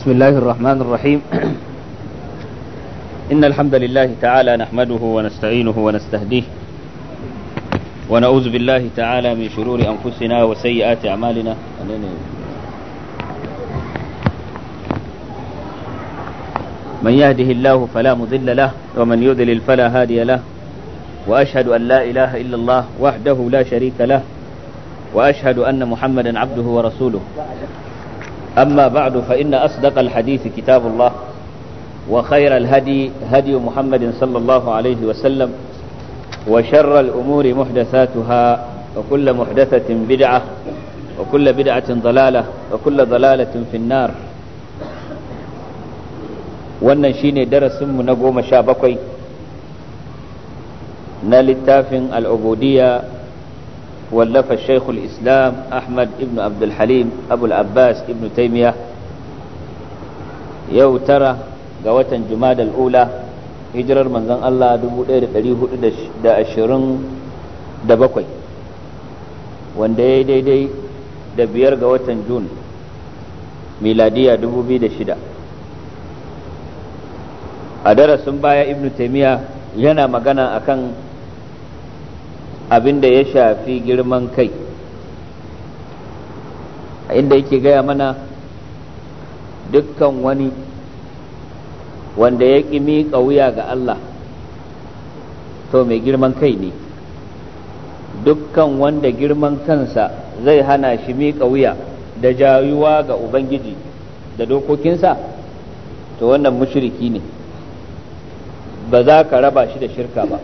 بسم الله الرحمن الرحيم إن الحمد لله تعالى نحمده ونستعينه ونستهديه ونعوذ بالله تعالى من شرور أنفسنا وسيئات أعمالنا من يهده الله فلا مضل له ومن يضلل فلا هادي له وأشهد أن لا إله إلا الله وحده لا شريك له وأشهد أن محمدا عبده ورسوله أما بعد فإن أصدق الحديث كتاب الله وخير الهدي هدي محمد صلى الله عليه وسلم وشر الأمور محدثاتها وكل محدثة بدعة وكل بدعة ضلالة وكل ضلالة في النار ونشين درس darasinmu شابكي goma sha العبودية wallafa shaikh islam ahmad ibn abdulhalim abul abbas ibn taimiya yau tara ga watan jumada al'ula hijirar manzan allah 1427 wanda ya daidai da biyar ga watan jun miladiya 2006 a darasin baya ibnu taimiya yana magana akan abin da ya shafi girman kai a inda yake gaya mana dukkan wani wanda ya ƙi miƙa wuya ga Allah to mai girman kai ne dukkan wanda girman kansa zai hana shi miƙa wuya da jayuwa ga Ubangiji da dokokinsa to wannan mushriki ne ba za ka raba shi da shirka ba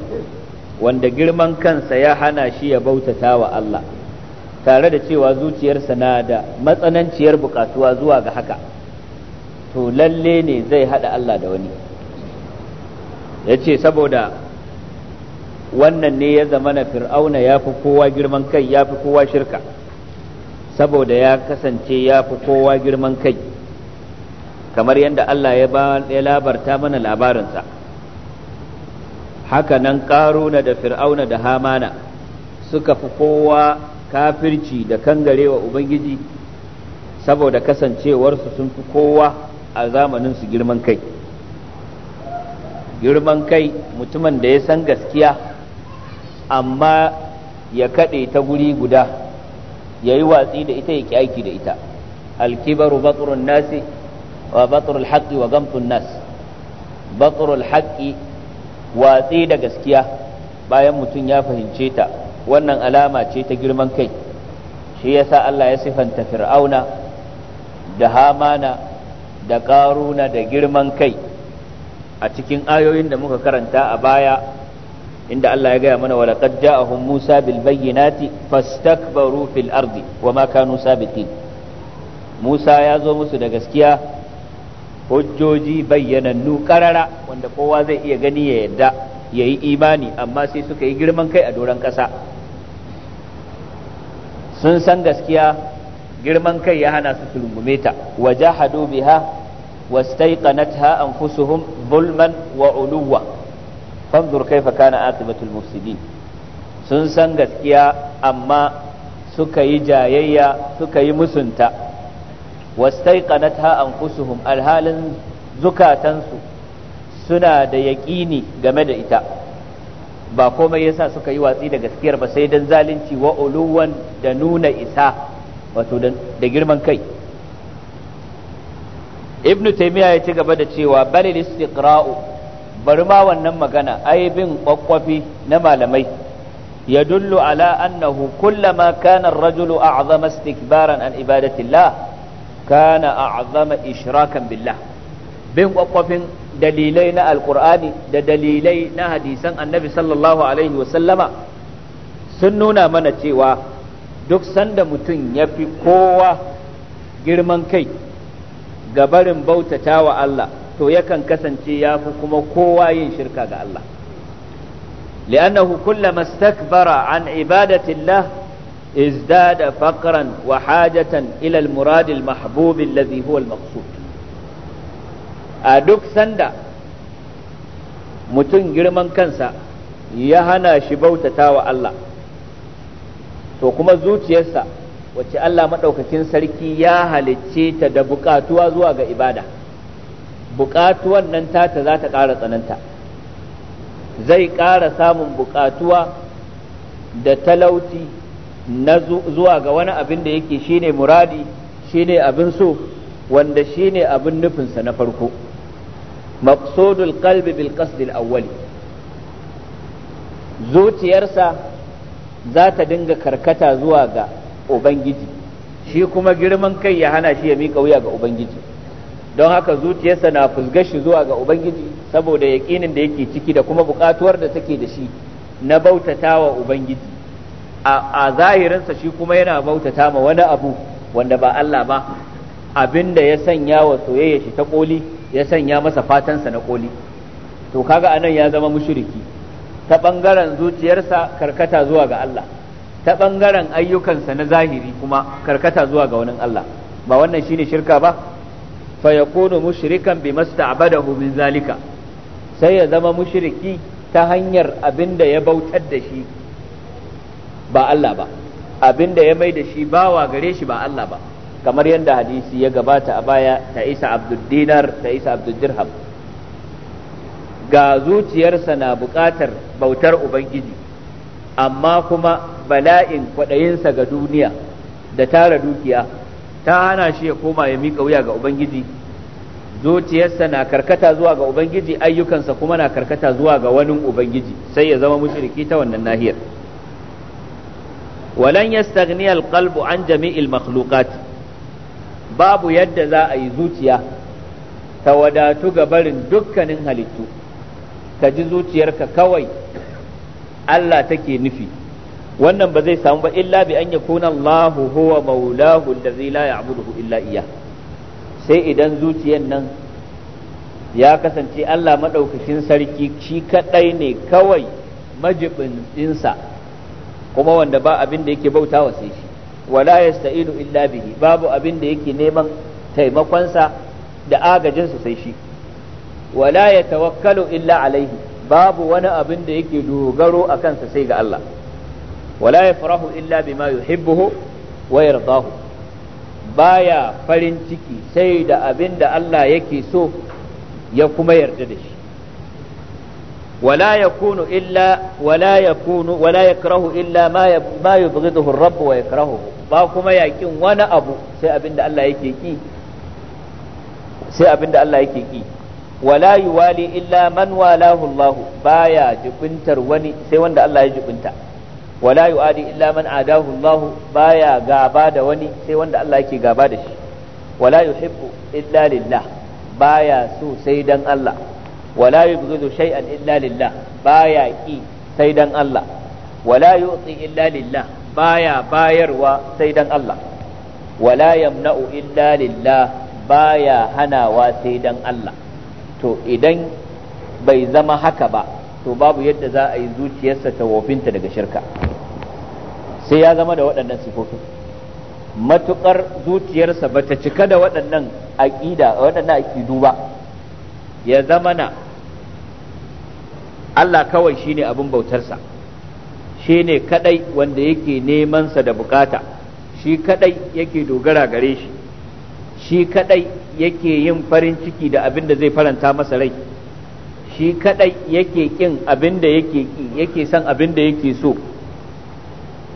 wanda girman kansa ya hana shi ya bautata wa Allah tare da cewa zuciyarsa na da matsananciyar bukatuwa zuwa ga haka to lalle ne zai hada Allah da wani ya ce saboda wannan ne ya zama na fir'auna ya fi kowa girman kai ya fi kowa shirka saboda ya kasance ya fi kowa girman kai kamar yadda Allah ya labarta mana labarinsa haka nan karuna da fir'auna da hamana suka fi kowa kafirci da kangarewa ubangiji saboda kasancewarsu sun fi kowa a zamaninsu girman kai girman kai mutumin da ya san gaskiya amma ya kaɗe ta guri guda ya yi watsi da ita ya ki aiki da ita alkibaru baturun nasi wa baturul haƙi wa gamtun nas baturul haƙi watsi da gaskiya bayan mutum ya fahimce ta wannan alama ce ta girman kai shi yasa Allah ya sifanta fir'auna da hamana da karuna da girman kai a cikin ayoyin da muka karanta a baya inda Allah ya gaya mana walaqad ja'ahum Musa bil bayyinati fastakbaru fil ardi ma kanu sabiqin Musa ya zo musu da gaskiya hujjoji bayyanannu karara wanda kowa zai iya gani ya yadda ya yi imani amma sai suka yi girman kai a doron ƙasa sun san gaskiya girman kai ya hana su turungume ta wa jahadu biha an anfusuhum zulman wa uluwa fanzur na kana aqibatul mufsidin sun san gaskiya amma suka yi jayayya suka yi musunta wastaiqanatha anfusuhum alhalin zukatansu suna da yaƙini game da ita ba komai yasa suka yi watsi da gaskiyar ba sai dan zalunci wa uluwan da nuna isa da girman kai ibnu taymiya ya ci gaba da cewa balil istiqra'u bari ma wannan magana ai bin kwakwafi na malamai ya dullu ala annahu kullama kana ar-rajulu a'zama istikbaran an ibadatillah kana a'zama ishrakan billah bin kwakwafin dalilai na alkur'ani da dalilai na hadisan annabi sallallahu alaihi wasallama sun nuna mana cewa duk sanda mutum yafi kowa girman kai ga barin bautata wa Allah to yakan kasance yafi kuma kowa yin shirka ga Allah li'annahu kullama istakbara an ibadatillah ازداد فقرا وحاجة إلى المراد المحبوب الذي هو المقصود أدوك سندا متن جرمان كنسا يهنا شبوت wa الله to kuma zuciyarsa wacce Allah maɗaukakin sarki ya halicce ta da buƙatuwa zuwa ga ibada buƙatuwan nan tata za ta ƙara tsananta zai ƙara samun buƙatuwa da talauci na zuwa ga wani abin da yake shine muradi shine abin so wanda shine abin nufinsa na farko maqsudul qalbi bil qasdil awwali zuciyarsa za ta dinga karkata zuwa ga ubangiji shi kuma girman kai ya hana shi ya miƙa wuya ga ubangiji don haka zuciyarsa na fusgashi zuwa ga ubangiji saboda yaƙinin da yake ciki da kuma buƙatuwar da take da shi na bautatawa ubangiji a zahirinsa shi kuma yana bautata ma wani abu wanda ba Allah ba abinda ya sanya wa soyayya shi ta koli ya sanya masa fatansa na koli to kaga anan ya zama mushriki ta bangaren zuciyarsa karkata zuwa ga Allah ta bangaren ayyukansa na zahiri kuma karkata zuwa ga wani Allah ba wannan shine shirka ba fa yakunu mushrikan masta'badahu min zalika sai ya zama mushriki ta hanyar abin da ya bautar da shi ba Allah ba abinda ya mai da shi bawa gare shi ba Allah ba kamar yadda hadisi ya gabata a baya ta isa abdul dinar ta isa abdul dirham ga zuciyarsa na buƙatar bautar ubangiji amma kuma bala'in kwaɗayinsa ga duniya da tara dukiya ta hana shi ya koma ya mika wuya ga ubangiji zuciyarsa na karkata zuwa ga ubangiji ayyukansa kuma na karkata zuwa ga wani ubangiji sai ya zama mushriki ta wannan nahiyar walan yastaghni alqalbu an jami'il makhluqat babu yadda za a yi zuciya ta wadatu ga barin dukkanin halittu ka ji zuciyarka kawai Allah take nufi wannan ba zai samu ba illa bi an yakuna Allahu huwa maulahu allazi la ya'buduhu illa iyyah sai idan zuciyar nan ya kasance Allah maɗaukakin sarki shi kaɗai ne kawai majibinsa kuma wanda ba abin da yake bautawa sai shi wala yasta'inu illa bihi babu abin da yake neman taimakonsa da agajinsa sai shi wala yatawakkalu illa alaihi babu wani abin da yake dogaro a kansa sai ga Allah wala yafrahu illa bima yuhibbuhu wa yardahu baya farin ciki sai da abin da Allah yake so ya kuma yarda da shi ولا يكون إلا ولا يكون ولا يكره إلا ما ما يبغضه الرب ويكرهه ba kuma yakin wani abu sai abinda Allah yake ki sai abinda Allah yake illa man walahu Allah baya jibintar wani sai wanda Allah ya jibinta wala yuadi illa man adahu Allah baya gaba da wani sai wanda Allah yake gaba da shi wala illa lillah baya so sai dan Allah wala yubghidu shay'an illa lillah baya ki sai dan Allah wala yu'ti illa baya bayarwa sai dan Allah wala yamna'u illa lillah baya hanawa sai dan Allah to idan bai zama haka ba to babu yadda za a yi zuciyarsa ta wofinta daga shirka sai ya zama da waɗannan sifofin matuƙar zuciyarsa ba ta cika da waɗannan aƙida waɗannan aƙidu ba ya zama na Allah kawai shine abin bautarsa ne kaɗai wanda yake neman sa da bukata shi kaɗai yake dogara gare shi shi kaɗai yake yin farin ciki da abin da zai faranta masa rai shi kaɗai yake kin abin da yake yake son abin da yake so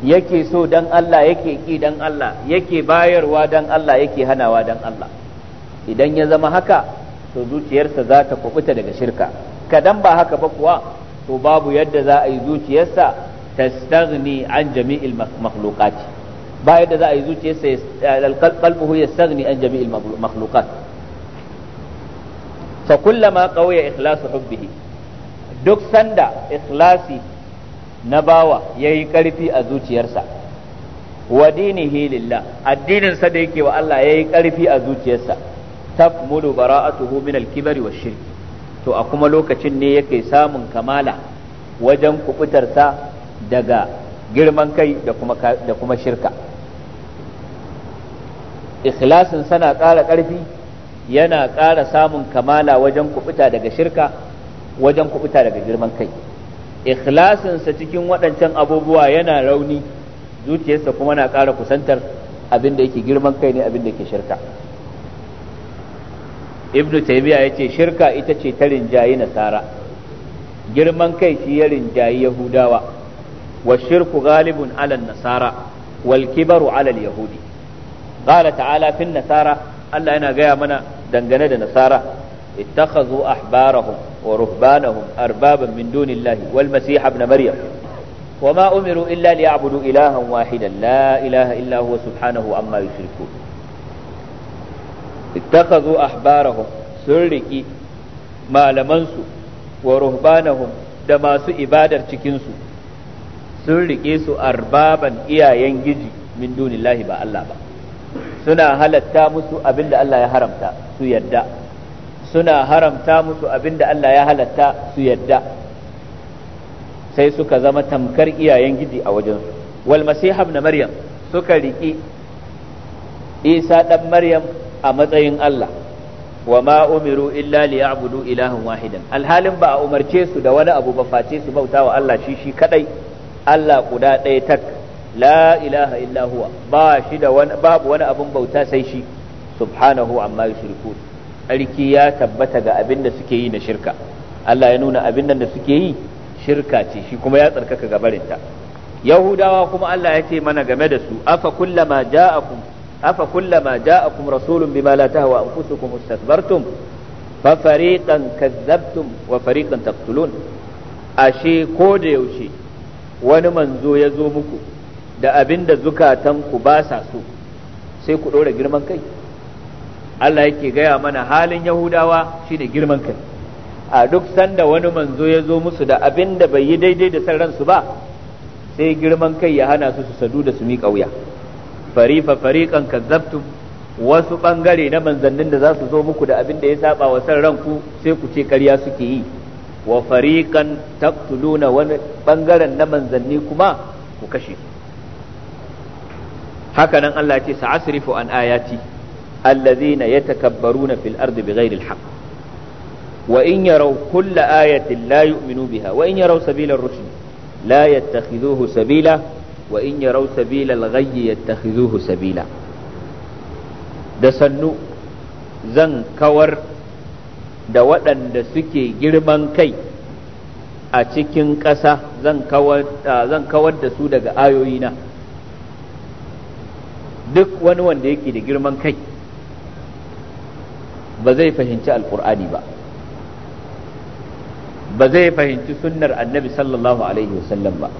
yake so dan Allah yake ki dan Allah yake bayarwa dan Allah yake hanawa dan Allah idan ya zama haka to zuciyarsa za ta kubuta daga shirka kadan ba haka ba kuwa to babu yadda za a yi zuciyarsa tastaghni an jami'il makhluqat ba yadda za a yi zuciyarsa eh, qalbuhu yastaghni an jami'il makhluqat fa kullama qawiya ikhlasu hubbihi duk sanda ikhlasi na bawa yayi karfi a zuciyarsa wa dinihi lillah addinin sa da yake wa Allah yayi karfi a zuciyarsa tafmulu bara'atuhu min al-kibri wash-shirki to a kuma lokacin ne yake samun kamala wajen kubutarsa daga girman kai da kuma shirka ikhlasin sana ƙara ƙarfi yana ƙara samun kamala wajen kubuta daga shirka wajen kubuta daga girman kai ikhlasinsa cikin waɗancan abubuwa yana rauni zuciyarsa kuma na ƙara kusantar abin da yake girman kai ne abin da yake shirka ibn taymiya yace shirka ita ce ta rinjayi nasara girman kai shi ya rinjayi yahudawa wa shirku galibun ala nasara wal kibaru ala yahudi qala ta'ala fin nasara Allah yana gaya mana dangane da nasara ittakhadhu ahbarahum wa ruhbanahum arbaban min dunillahi wal masih ibn maryam وما أمروا إلا ليعبدوا إلها واحدا لا إله إلا هو سبحانه عما يشركون ittakhadhu ahbarahum sun riki malamansu wa da masu ibadar cikinsu sun rike su arbaban iyayen giji min dunillahi ba Allah ba suna halatta musu abinda Allah ya haramta su yadda suna haramta musu abinda Allah ya halatta su yadda sai suka zama tamkar iyayen giji a wajensu wal masih ibn maryam suka isa dan maryam a matsayin Allah wa ma umiru illa liya'budu ilahan wahidan alhalin ba a umarce su da wani abu ba face su bauta wa Allah shi shi kadai Allah guda ɗaya tak la ilaha illa huwa ba shi da wani babu wani abun bauta sai shi subhanahu amma yushrikun sarki ya tabbata ga abin da suke yi na shirka Allah ya nuna abin da suke yi shirka ce shi kuma ya tsarkaka ga barinta yahudawa kuma Allah ya ce mana game da su afa kullama ja'akum afa kullama ja'akum rasulun bima la tahwa anfusukum istakbartum fa fariqan kazzabtum wa fariqan taqtulun ashe ko da yaushe wani manzo ya zo muku da abinda zukatanku ba sa so sai ku ɗora girman kai Allah yake gaya mana halin Yahudawa shine girman kai a duk sanda wani manzo ya zo musu da abinda bai yi daidai da san ransu ba sai girman kai ya hana su su sadu da su miƙa wuya farifa fariqan kazzabtum wasu bangare na manzannin da za su zo muku da abin da ya saba wa san ranku sai ku ce ƙarya suke yi wa fariqan taqtuluna wani bangaren na manzanni kuma ku kashe haka nan Allah ce sa'asrifu an ayati allazina yatakabbaruna fil ardi bighairi alhaq wa in yaraw kulla ayatin la yu'minu biha wa in yaraw sabila ar-rushd la sabila wa in yarau sabila al-ghayyi yattakhidhuhu sabila da sannu zan kawar da waɗanda suke girman kai a cikin ƙasa zan kawar da su daga ayoyina duk wani wanda yake da girman kai ba zai fahimci Alƙur'ani ba ba zai fahimci sunnar annabi sallallahu alaihi wasallam ba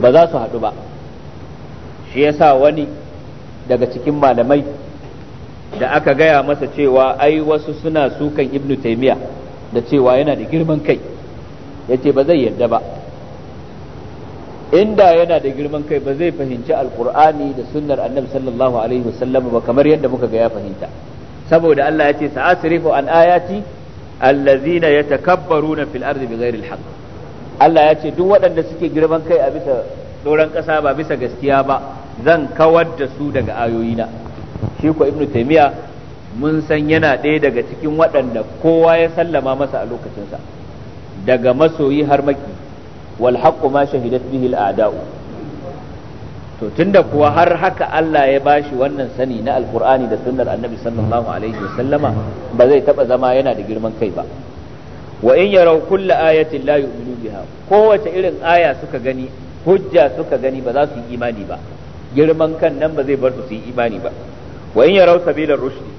ba za su haɗu ba shi yasa wani daga cikin malamai da aka gaya masa cewa ai wasu suna sukan ibnu taimiya da cewa yana da girman kai ya ce ba zai yarda ba inda yana da girman kai ba zai fahimci alkur'ani da sunnar annabi sallallahu alaihi wasallam ba kamar yadda muka ga ya fahimta saboda Allah ya ce sa'asrifu an ayati allazina yatakabbaruna fil ardi bighairi alhaq Allah ya ce duk waɗanda suke girman kai a bisa doron ƙasa ba bisa gaskiya ba zan kawar da su daga ayoyina shi ko ibnu taimiya mun san yana ɗaya daga cikin waɗanda kowa ya sallama masa a lokacinsa daga masoyi har maki wal haqqu ma shahidat bihi al a'da'u to tunda kuwa har haka Allah ya bashi wannan sani na alqur'ani da sunnar annabi sallallahu alaihi wasallama ba zai taba zama yana da girman kai ba wa in yaraw kulla ayatin la yu'minu biha kowace irin aya suka gani hujja suka gani ba za su yi imani ba girman kan nan ba zai bar su su yi imani ba wa in yaraw sabilar rushdi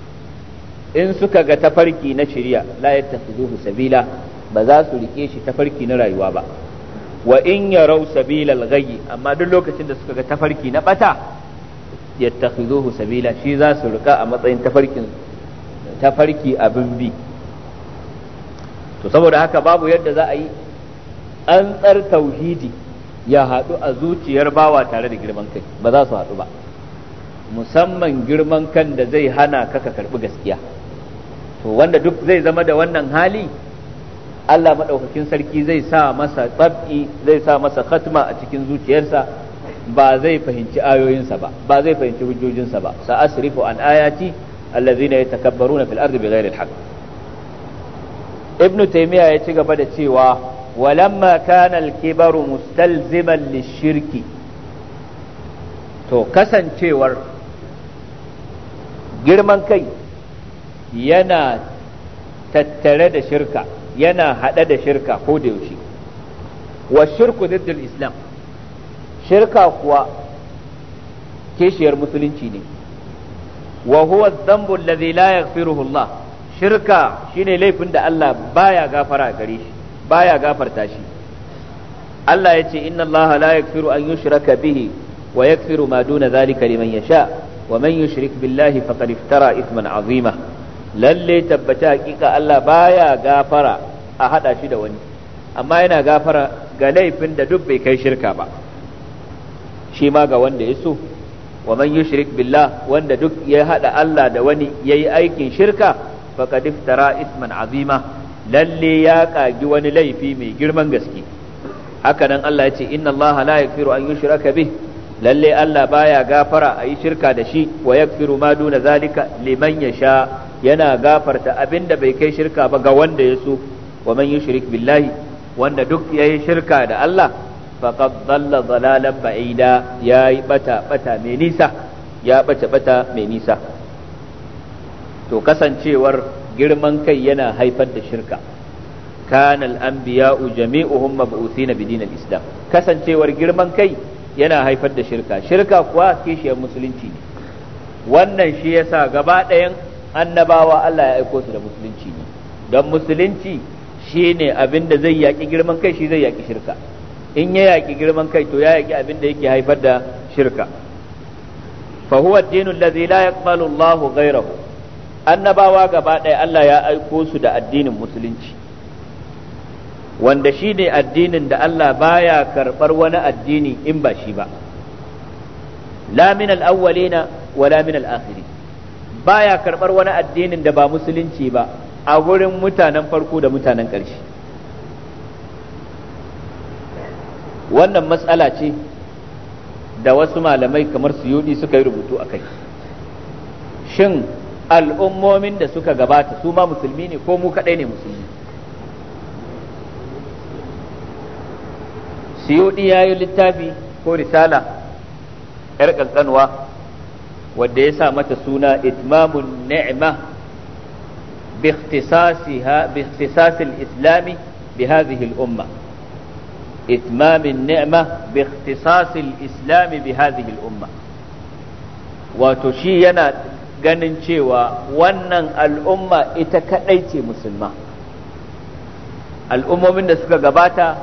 in suka ga tafarki na shari'a la yattakhizuhu sabila ba za su rike shi tafarki na rayuwa ba wa in yaraw sabilal ghayyi amma duk lokacin da suka ga tafarki na bata yattakhizuhu sabila shi za su rika a matsayin tafarkin tafarki abin bi to saboda haka babu yadda za a yi an tsar tauhidi ya haɗu a zuciyar bawa tare da girman kai ba za su haɗu ba musamman girman kan da zai hana kaka karbi karɓi gaskiya to wanda duk zai zama da wannan hali Allah maɗaukakin sarki zai sa masa tsab'i zai sa masa khatma a cikin zuciyarsa ba zai fahimci ayoyinsa ba ba zai fahimci hujjojinsa ba sa asrifu an ayati allazina yatakabbaruna fil ardi bighairi alhaq ibn taymiya ya ci gaba da cewa walamma kana al-kibaru mustalziman shirki. to kasancewar girman kai yana tattare da shirka yana haɗa da shirka ko da yaushe wa shirku diddul islam shirka kuwa kishiyar musulunci ne Wahuwa huwa dhanbu alladhi la yaghfiruhu shirka shine laifin da Allah baya gafara gare shi baya gafarta shi Allah ya ce inna Allah la yaghfiru an yushraka bihi wa yaghfiru ma duna zalika liman yasha wa man yushrik billahi faqad iftara ithman azima lalle tabbata hakika Allah baya gafara a hada shi da wani amma yana gafara ga laifin da duk bai kai shirka ba shi ma ga wanda ya so wa man yushrik billah wanda duk ya hada Allah da wani yayi aikin shirka faqad iftara isman azima lalle ya kagi wani laifi mai girman gaske haka nan Allah ya ce inna Allah la yaghfiru an yushraka bih lalle Allah baya gafara a yi shirka da shi wa yaghfiru ma duna zalika liman yasha yana gafarta abinda bai kai shirka ba ga wanda ya so wa man yushrik billahi wanda duk yayi shirka da Allah faqad dhalla dhalalan ba'ida yayi bata bata mai nisa ya bata bata mai nisa to kasancewar girman kai yana haifar da shirka kanal al-anbiya'u jami'uhum mab'uthina bi dinil islam kasancewar girman kai yana haifar da shirka shirka kuwa kishiyar musulunci ne wannan shi yasa gaba ɗayan annabawa Allah ya aiko su da musulunci ne don musulunci shine abinda zai yaki girman kai shi zai yaki shirka in ya yaki girman kai to ya yaki abinda yake haifar da shirka fa huwa ad-dinu allazi la yaqbalu Allahu ghayrahu annabawa gaba ɗaya Allah ya aiko su da addinin musulunci wanda shi ne addinin da Allah baya karɓar wani addini in ba shi ba laminal wa laminal akhiri ba ya karɓar wani addinin da ba musulunci ba a wurin mutanen farko da mutanen ƙarshe wannan matsala ce da wasu malamai kamar suyudi suka yi rubutu a kai shin al'ummomin da suka gabata su ma musulmi ne ko mu kaɗai ne musulmi siyudi ya yi littafi ko risala ‘yar ƙanƙanwa wadda ya sa mata suna itmamun ni'ima bi ikhtisasil islami bi hadhihi al'umma إتمام النعمة Wato shi yana الأمة وتشينا ganin cewa wannan al'umma ita kadai ce musulma al'ummomin da suka gabata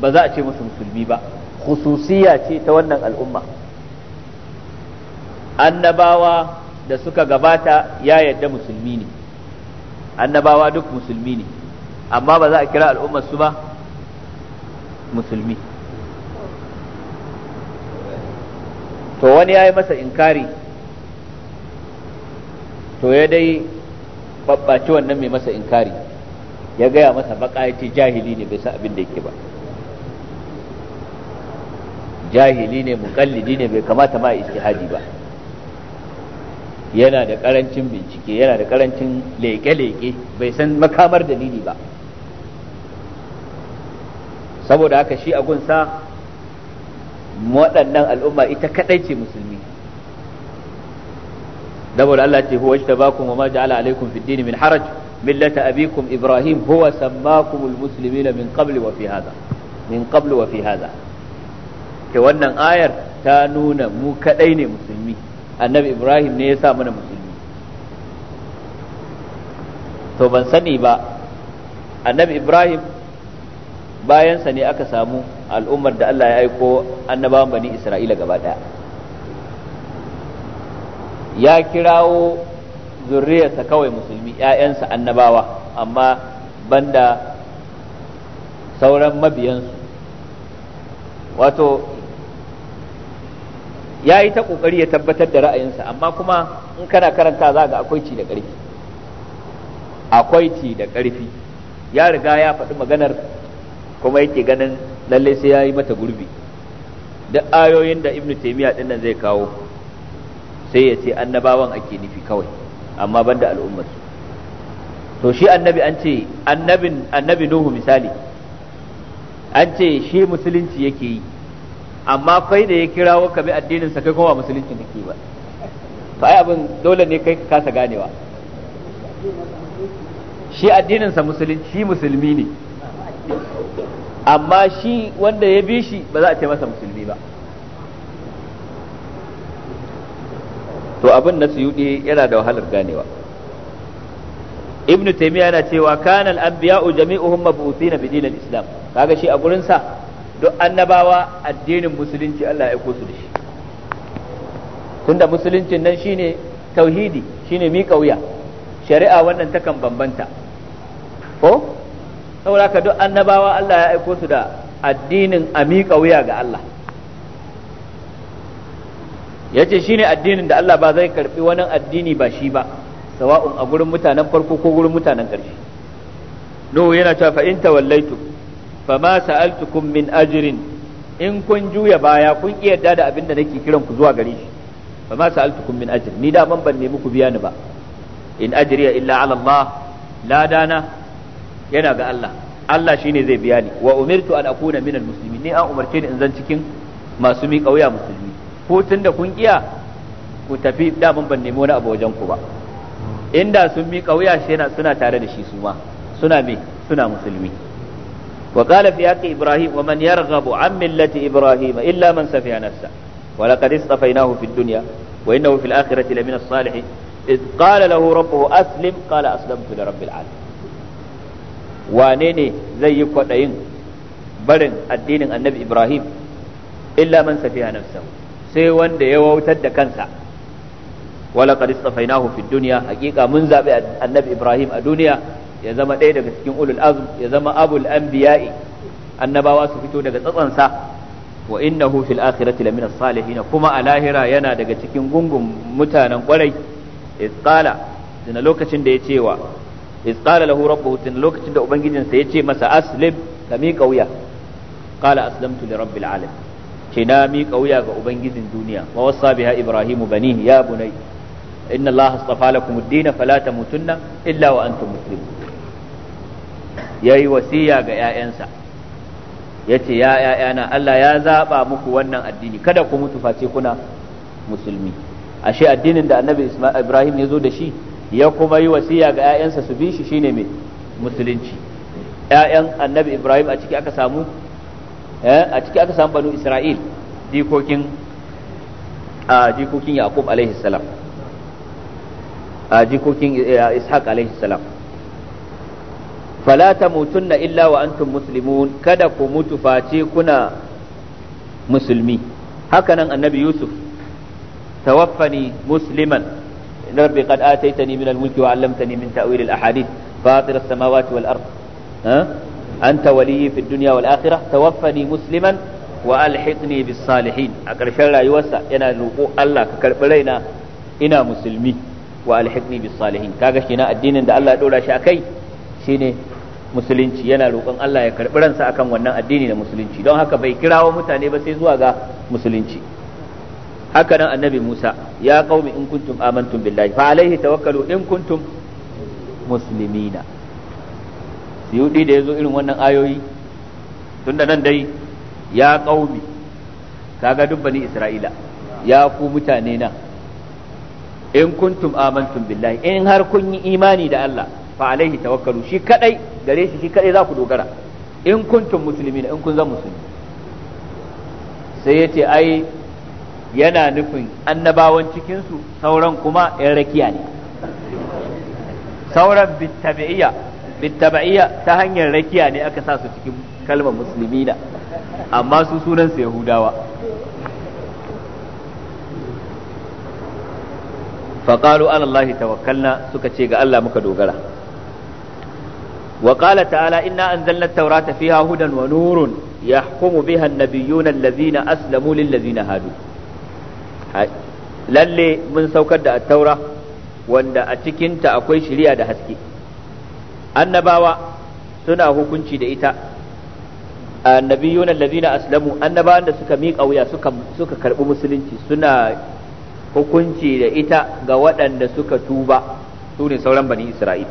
ba za a ce musu musulmi ba khususiya ce ta wannan al'umma annabawa da suka gabata ya yadda musulmi ne annabawa duk musulmi ne amma ba za a kira al'umma su ba musulmi to wani ya yi masa inkari to ya dai babbaci wannan mai masa inkari ya gaya masa baka ya ce jahili ne bai san abin da yake ba jahili ne mukallidi ne bai kamata ma istihadi ba yana da karancin bincike yana da karancin leke-leke bai san makamar dalili ba saboda haka shi a gunsa waɗannan al'umma ita kaɗai ce musulmi saboda Allah ce huwa ishtabakum wa ma ja'ala alaikum fid din min haraj millata abikum ibrahim huwa sammakumul muslimina min qabl wa fi hadha min qabl wa fi hadha ke wannan ayar ta nuna mu kadai ne musulmi annabi ibrahim ne ya sa mana musulmi to ban sani ba annabi ibrahim bayansa ne aka samu al'ummar da Allah ya aiko annabawan bani isra'ila gaba daya ya kirawo zurriyarsa kawai musulmi ‘ya'yansa annabawa amma banda sauran mabiyansu wato ya yi ta ƙoƙari ya tabbatar da ra'ayinsa amma kuma in kana karanta za ga akwai ci da ƙarfi akwai ci da ƙarfi ya riga ya faɗi maganar kuma yake ganin lallai sai ya yi mata gurbi duk ayoyin da ibnu taimiyya ɗin nan zai kawo sai ya ce annabawan ake nufi kawai amma banda al'ummar su to shi annabi an ce annabin annabi nuhu misali an ce shi musulunci yake yi amma kai da ya kirawo ka bi addinin sa kai kuma musulunci kake ba to ai abin dole ne kai ka kasa ganewa shi addinin sa musulunci shi musulmi ne amma shi wanda ya bi shi ba za a ce masa musulmi ba to abin na suyudi yana da wahalar ganewa Ibn taymiya yana cewa kana al-anbiya'u jami'uhum mab'uthina bi dinil islam kaga shi a gurin sa duk annabawa addinin musulunci Allah ya aiko su da shi tunda musuluncin nan shine tauhidi shine miƙa wuya shari'a wannan takan bambanta ko saboda ka duk annabawa Allah ya aiko su da addinin a miƙa wuya ga Allah Ya shi shine addinin da Allah ba zai karbi wani addini ba shi ba sawa'un a gurin mutanen farko ko gurin mutanen ƙarshe Nuhu yana cewa fa in tawallaitu fa ma sa'altukum min ajrin in kun juya baya kun iya yarda da abin da nake kiran ku zuwa gare shi fa ma sa'altukum min ajrin ni da ban nemi ku biya ni ba in ajriya illa ala Allah ladana yana ga Allah Allah shine zai biya ni wa umirtu an akuna minal muslimin ni an umarce ni in zan cikin masu miƙa musulmi ko tun da kun kiya ku tafi daman ban nemi wani abu wajen ku ba inda sun miƙa wuya shi suna tare da shi su ma suna me suna musulmi wa qala fi yaqi ibrahim wa man yarghabu an millati ibrahim illa man safiha nafsa wa laqad istafainahu fid dunya wa innahu fil akhirati lamina as-salihin إذ قال له ربه أسلم قال أسلمت لرب العالمين wane ne zai yi kwaɗayin barin addinin annabi ibrahim illa man safiha nafsahu sai wanda ya wautar da kansa wala qad istafainahu fid dunya hakika mun zabi annabi ibrahim a duniya ya zama ɗaya daga cikin ulul azm ya zama abul anbiya'i annabawa su fito daga tsatsansa wa innahu fil akhirati lamina salihin kuma a lahira yana daga cikin gungun mutanen kwarai isqala tun lokacin da ya ce wa isqala lahu rabbuhu tun lokacin da ubangijinsa ya ce masa aslim ka miƙa wuya qala aslamtu li rabbil alamin ce na miƙa wuya ga ubangijin duniya wa wasa biha ibrahimu banihi ya bunai inna allaha astafa lakum ad dina fala tamutunna illa wa antum muslimun yayi wasiya ga ƴaƴansa yace ya ƴaƴana Allah ya zaba muku wannan addini kada ku mutu face kuna musulmi ashe addinin da annabi Ibrahim ya zo da shi ya kuma yi wasiya ga ƴaƴansa su bi shi shine mai musulunci ƴaƴan annabi Ibrahim a ciki aka samu Eh, a ciki aka samu banu isra'il jikokin a jikokin yaqub alaihi salam a jikokin eh, ishaq alaihi salam fala tamutunna illa wa antum muslimun kada ku mutu face kuna musulmi hakanan annabi yusuf tawaffani musliman rabbi qad ataitani min al-mulki wa 'allamtani min ta'wil al-ahadith fatir as-samawati wal ard eh? anta waliyyi duniya dunya wal akhirah tawaffani musliman wa alhiqni bis salihin a ƙarshen rayuwarsa yana roƙo Allah ka karɓi raina ina musulmi wa alhiqni bis salihin shi na addinin da Allah ya shi akai musulunci yana roƙon Allah ya karɓi ransa akan wannan addini na musulunci don haka bai kirawo mutane ba sai zuwa ga musulunci haka nan annabi Musa ya qaumi in kuntum amantum billahi fa alaihi tawakkalu in kuntum muslimina Yudi da ya zo irin wannan ayoyi tunda nan dai ya ƙaumi kaga duk bani isra'ila ya ku mutane na in kuntum amantum billahi in har kun yi imani da Allah fa alaihi tawakkalu shi kadai gare shi shi kadai za ku dogara in kuntum muslimina in kun zan musulmi sai yace ai yana nufin annabawan cikinsu sauran kuma 'yan rakiya ne sauran bittabi'iyya Bittabaiya ta hanyar rakiya ne aka sa su cikin kalmar musulmina amma su sunansu yahudawa faƙalu an Allah tawakkalna suka ce ga Allah muka dogara Wakala ta'ala inna an at-taurata fiha hudan wa nurun yahkumu biha an-nabiyyuna allazina aslamu lil ladzina hadu lalle mun saukar da at-taura wanda a cikinta akwai shari'a da haske annabawa suna hukunci da ita annabiyun allazina aslamu annabawan da suka miƙa wuya suka suka karbi musulunci suna hukunci da ita ga waɗanda suka tuba su ne sauran bani Isra'il,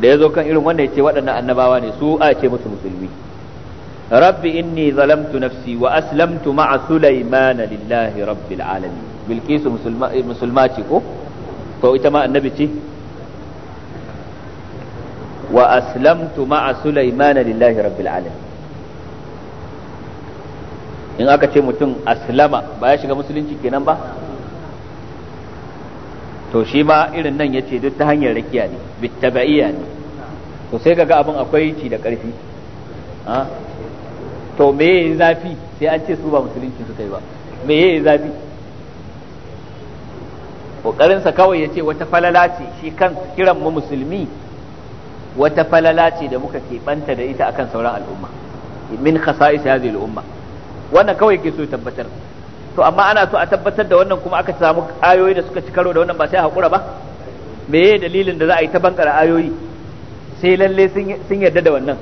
da ya zo kan irin wanda ya ce waɗannan annabawa ne su a ce musu musulmi rabbi inni zalamtu nafsi wa aslamtu ma'a sulaiman lillahi rabbil alamin bilkisu musulma ce ko to ita ma annabi ce wa aslamtu ma'a sulaimana lillahi rabbil alamin in aka ce mutum aslama ba ya shiga musulunci kenan ba to shi ma irin nan ya ce duk ta hanyar rakiya ne bittaba'iyya ne to sai kaga abin akwai ci da ƙarfi ah? to me yayi zafi sai an ce su ba musulunci suka yi ba me yayi zafi Ƙoƙarinsa kawai ya ce wata falala ce shi kan kiran mu musulmi wata falala ce da muka keɓanta da ita akan sauran al'umma min khasa'is hadhihi al'umma wannan kawai ke so tabbatar to amma ana so a tabbatar da wannan kuma aka samu ayoyi da suka ci karo da wannan ba sai hakura ba meye dalilin da za a yi ta bankara ayoyi sai lalle sun yarda da wannan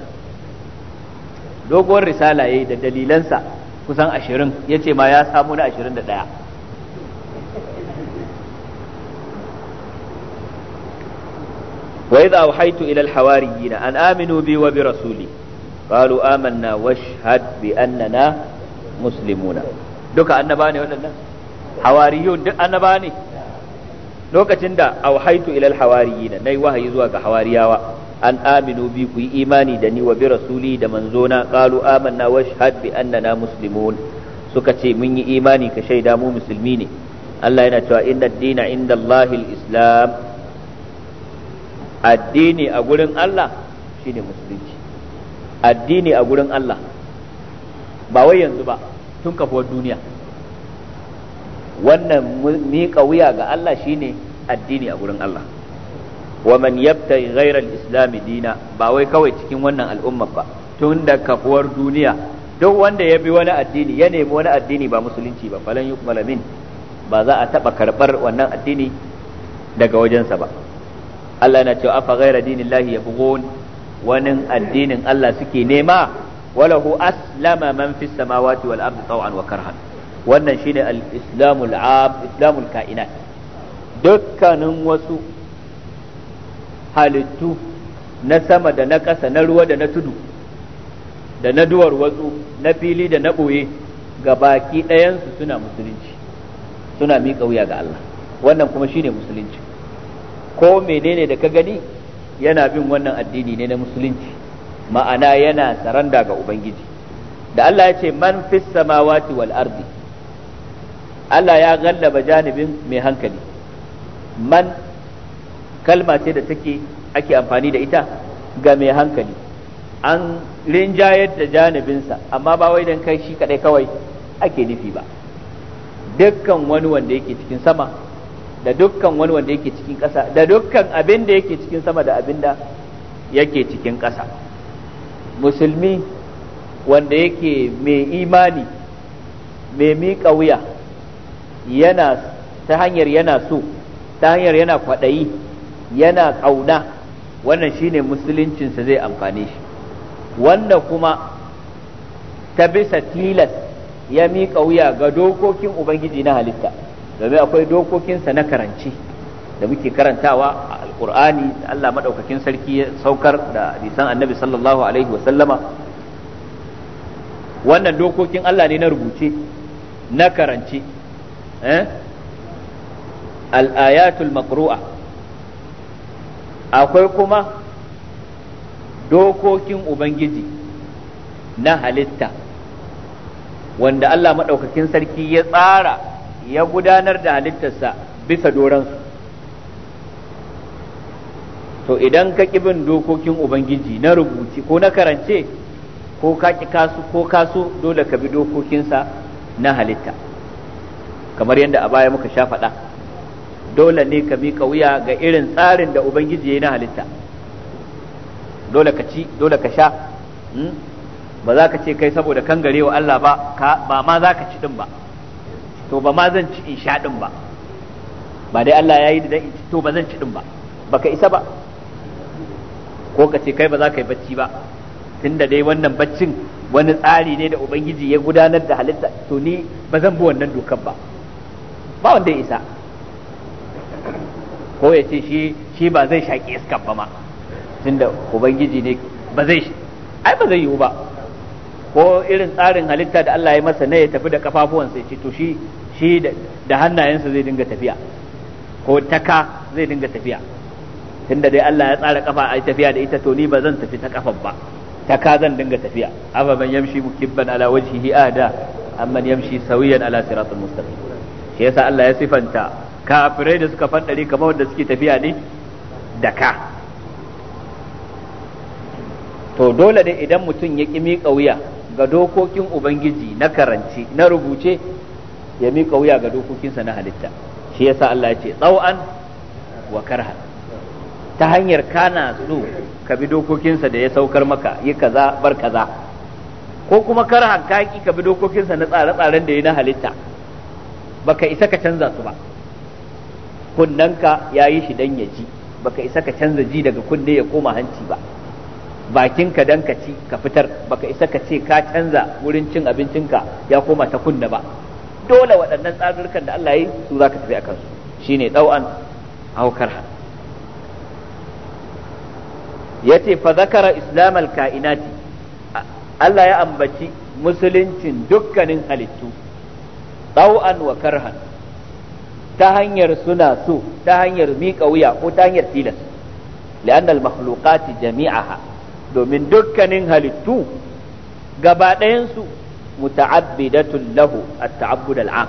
doguwar risala yayi da dalilansa kusan ashirin yace ma ya samu na ashirin da ɗaya wa idza awhaytu ila al-hawariyina an aminu bi wa rasuli qalu amanna washhad bi annana muslimuna duka annaba ne waɗannan hawariyun duk annaba ne lokacin da awhaytu ila al-hawariyina nayi wahayi zuwa ga hawariyawa an aminu bi ku yi imani da ni wa rasuli da manzona qalu amanna washhad suka ce mun yi imani ka shaida mu musulmi ne Allah yana cewa inna ad-dina inda Islam addini a gurin Allah shine musulunci addini a gurin Allah ba wai yanzu ba tun kafuwar duniya wannan miƙa wuya ga Allah shine addini a gurin Allah wa man yabta al-islam dina ba wai kawai cikin wannan al'umma ba tun da kafuwar duniya duk wanda ya bi wani addini ya nemi wani addini ba musulunci ba falan yuqbal ba za a taba karbar wannan addini daga wajensa ba Allah na cewa afa ghaira ya yabghun wani addinin Allah suke nema walahu aslama man fis samawati wal ardi taw'an wa karhan wannan shine al-islamul ab islamul kainat dukkanin wasu halittu na sama da na ƙasa na ruwa da na tudu da na duwar watsu na fili da na ɓoye ga baki ɗayansu suna musulunci suna miƙa wuya ga Allah wannan kuma shine musulunci ko menene da ka gani yana bin wannan addini ne na musulunci ma'ana yana saranda ga ubangiji da Allah ya ce man fis samawati wal ardi Allah ya gallaba janibin mai hankali man kalma ce da take ake amfani da ita ga mai hankali an rinjayar da janibinsa amma ba wai dan kai shi kadai kawai ake nufi ba dukkan wani wanda yake cikin sama da dukkan wani wanda yake cikin ƙasa da dukkan abin da yake cikin sama da abin da yake cikin ƙasa musulmi wanda yake mai imani mai miƙa wuya yana ta hanyar yana so ta hanyar yana kwaɗayi yana ƙauna wannan shine musuluncinsa zai amfane shi wanda kuma ta bisa tilas ya miƙa wuya ga dokokin ubangiji na halitta domin akwai dokokinsa na karanci da muke karantawa a alkur'ani Allah maɗaukakin sarki ya saukar da hadisan annabi sallallahu alaihi wasallama wannan dokokin Allah ne na rubuce na karance eh? al'ayatul makru'a akwai kuma dokokin Ubangiji na halitta wanda Allah maɗaukakin sarki ya tsara ya gudanar da halittarsa bisa doransu to idan ka bin dokokin ubangiji na rubuci ko na karance ko ka kasu ko kasu dole ka bi dokokinsa na halitta kamar yadda a baya muka sha faɗa dole ne ka miƙa wuya ga irin tsarin da ubangiji ya yi na halitta dole ka ci dole ka sha hmm? ba za ka ce kai saboda garewa Allah ba ba ma za ka ci din ba to ba ma zan ci in sha din ba ba dai Allah ya yi da in ci to ba zan ci din ba baka isa ba ko ka ce kai ba za ka yi bacci ba tunda dai wannan baccin wani tsari ne da ubangiji ya gudanar da halitta to ni ba zan bi wannan dokar ba ba wanda ya isa ko ya ce shi shi ba zai shaƙi iskar ba ma tunda ubangiji ne ba zai ai ba zai yiwu ba ko irin tsarin halitta da Allah ya masa ne ya tafi da kafafuwansa ya ce to shi shi da hannayensa zai dinga tafiya ko taka zai dinga tafiya tunda dai Allah ya tsara kafa a tafiya da ita to ni ba zan tafi ta kafan ba taka zan dinga tafiya afa man yamshi mukibban ala wajhihi ada amman yamshi sawiyan ala siratal mustaqim shi yasa Allah ya sifanta kafirai da suka faddare kamar wanda suke tafiya ne da ka to dole dai idan mutum ya ƙi miƙa wuya ga dokokin ubangiji na karance na rubuce ya miƙa wuya ga dokokinsa na halitta shi yasa Allah ya ce tsawon wa karha, ta hanyar kana so ka bi dokokinsa da ya saukar maka yi kaza bar kaza ko kuma karha ka ki ka bi dokokinsa na tsare-tsaren da ya na halitta baka isa ka canza su ba kunnanka ya yi shi dan ya ji baka isa ka canza ji daga kunne ya koma hanci ba bakinka dan ka ci ka fitar baka isa ka ce ka canza wurin cin abincinka ya koma ta kunna ba dole waɗannan tsarurrukan da Allah ya yi su za ka tafi a kansu shine ɗau'an aukar ya ce fa zakara islam kainati Allah ya ambaci musuluncin dukkanin halittu ɗau'an wa karhan ta hanyar suna so ta hanyar miƙa wuya ko ta hanyar tilas li'annal makhluqati jami'aha domin dukkanin halittu gaba ɗayansu muta'abbidatun lahu at-ta'abbud al'am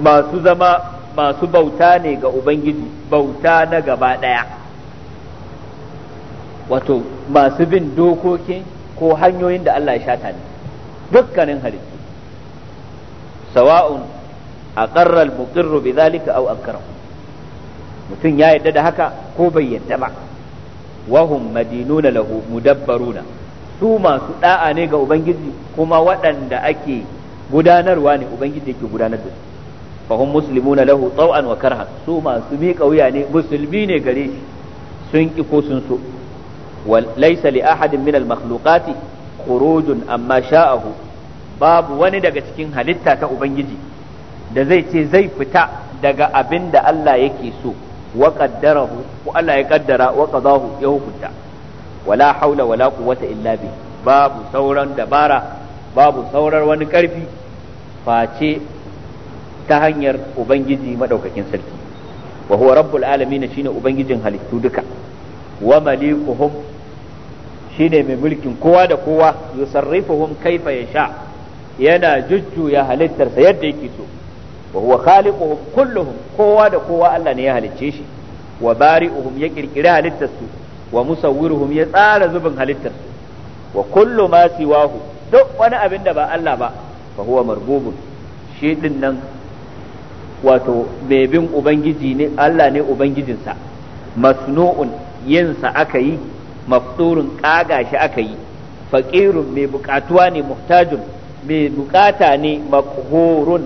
masu zama masu bauta ne ga ubangiji bauta na gaba ɗaya. wato masu bin dokoki ko hanyoyin da Allah ya shata ne dukkanin halittu sawa'un aqarra al-muqirru bidhalika aw ankarahu mutum ya yadda da haka ko bai yadda ba wahum madinuna lahu mudabbaruna su masu da'a ne ga ubangiji kuma waɗanda ake gudanarwa ne ubangiji yake gudanar da su fahim muslimuna lahu tsawan wa karha su masu miƙa wuya ne musulmi ne gare shi sun ki ko sun so laysa li ahadin min al makhluqati khurujun amma sha'ahu babu wani daga cikin halitta ta ubangiji da zai ce zai fita daga abin da Allah yake so wa qaddarahu ko Allah ya kaddara wa qadahu ya hukunta wala haula wala quwwata illa bi babu sauran dabara babu sauran wani karfi face ta hanyar ubangiji madaukakin sarki wa huwa rabbul alamin shine ubangijin halittu duka wa malikuhum shine mai mulkin kowa da kowa yusarrifuhum kaifa yasha yana jujjuya halittarsa yadda yake so wa huwa khaliquhum kulluhum kowa da kowa Allah ne ya halicce shi wa bari'uhum ya kirkiri halittarsu wa musawwiruhum ya tsara zubin halittar wa kullu ma siwahu duk wani abin da ba Allah ba fa huwa marbubun shi din nan wato mai bin ubangiji ne Allah ne ubangijinsa masnu'un yinsa aka yi mafturun kaga shi aka yi faqirun mai bukatuwa ne muhtajun mai bukata ne makhurun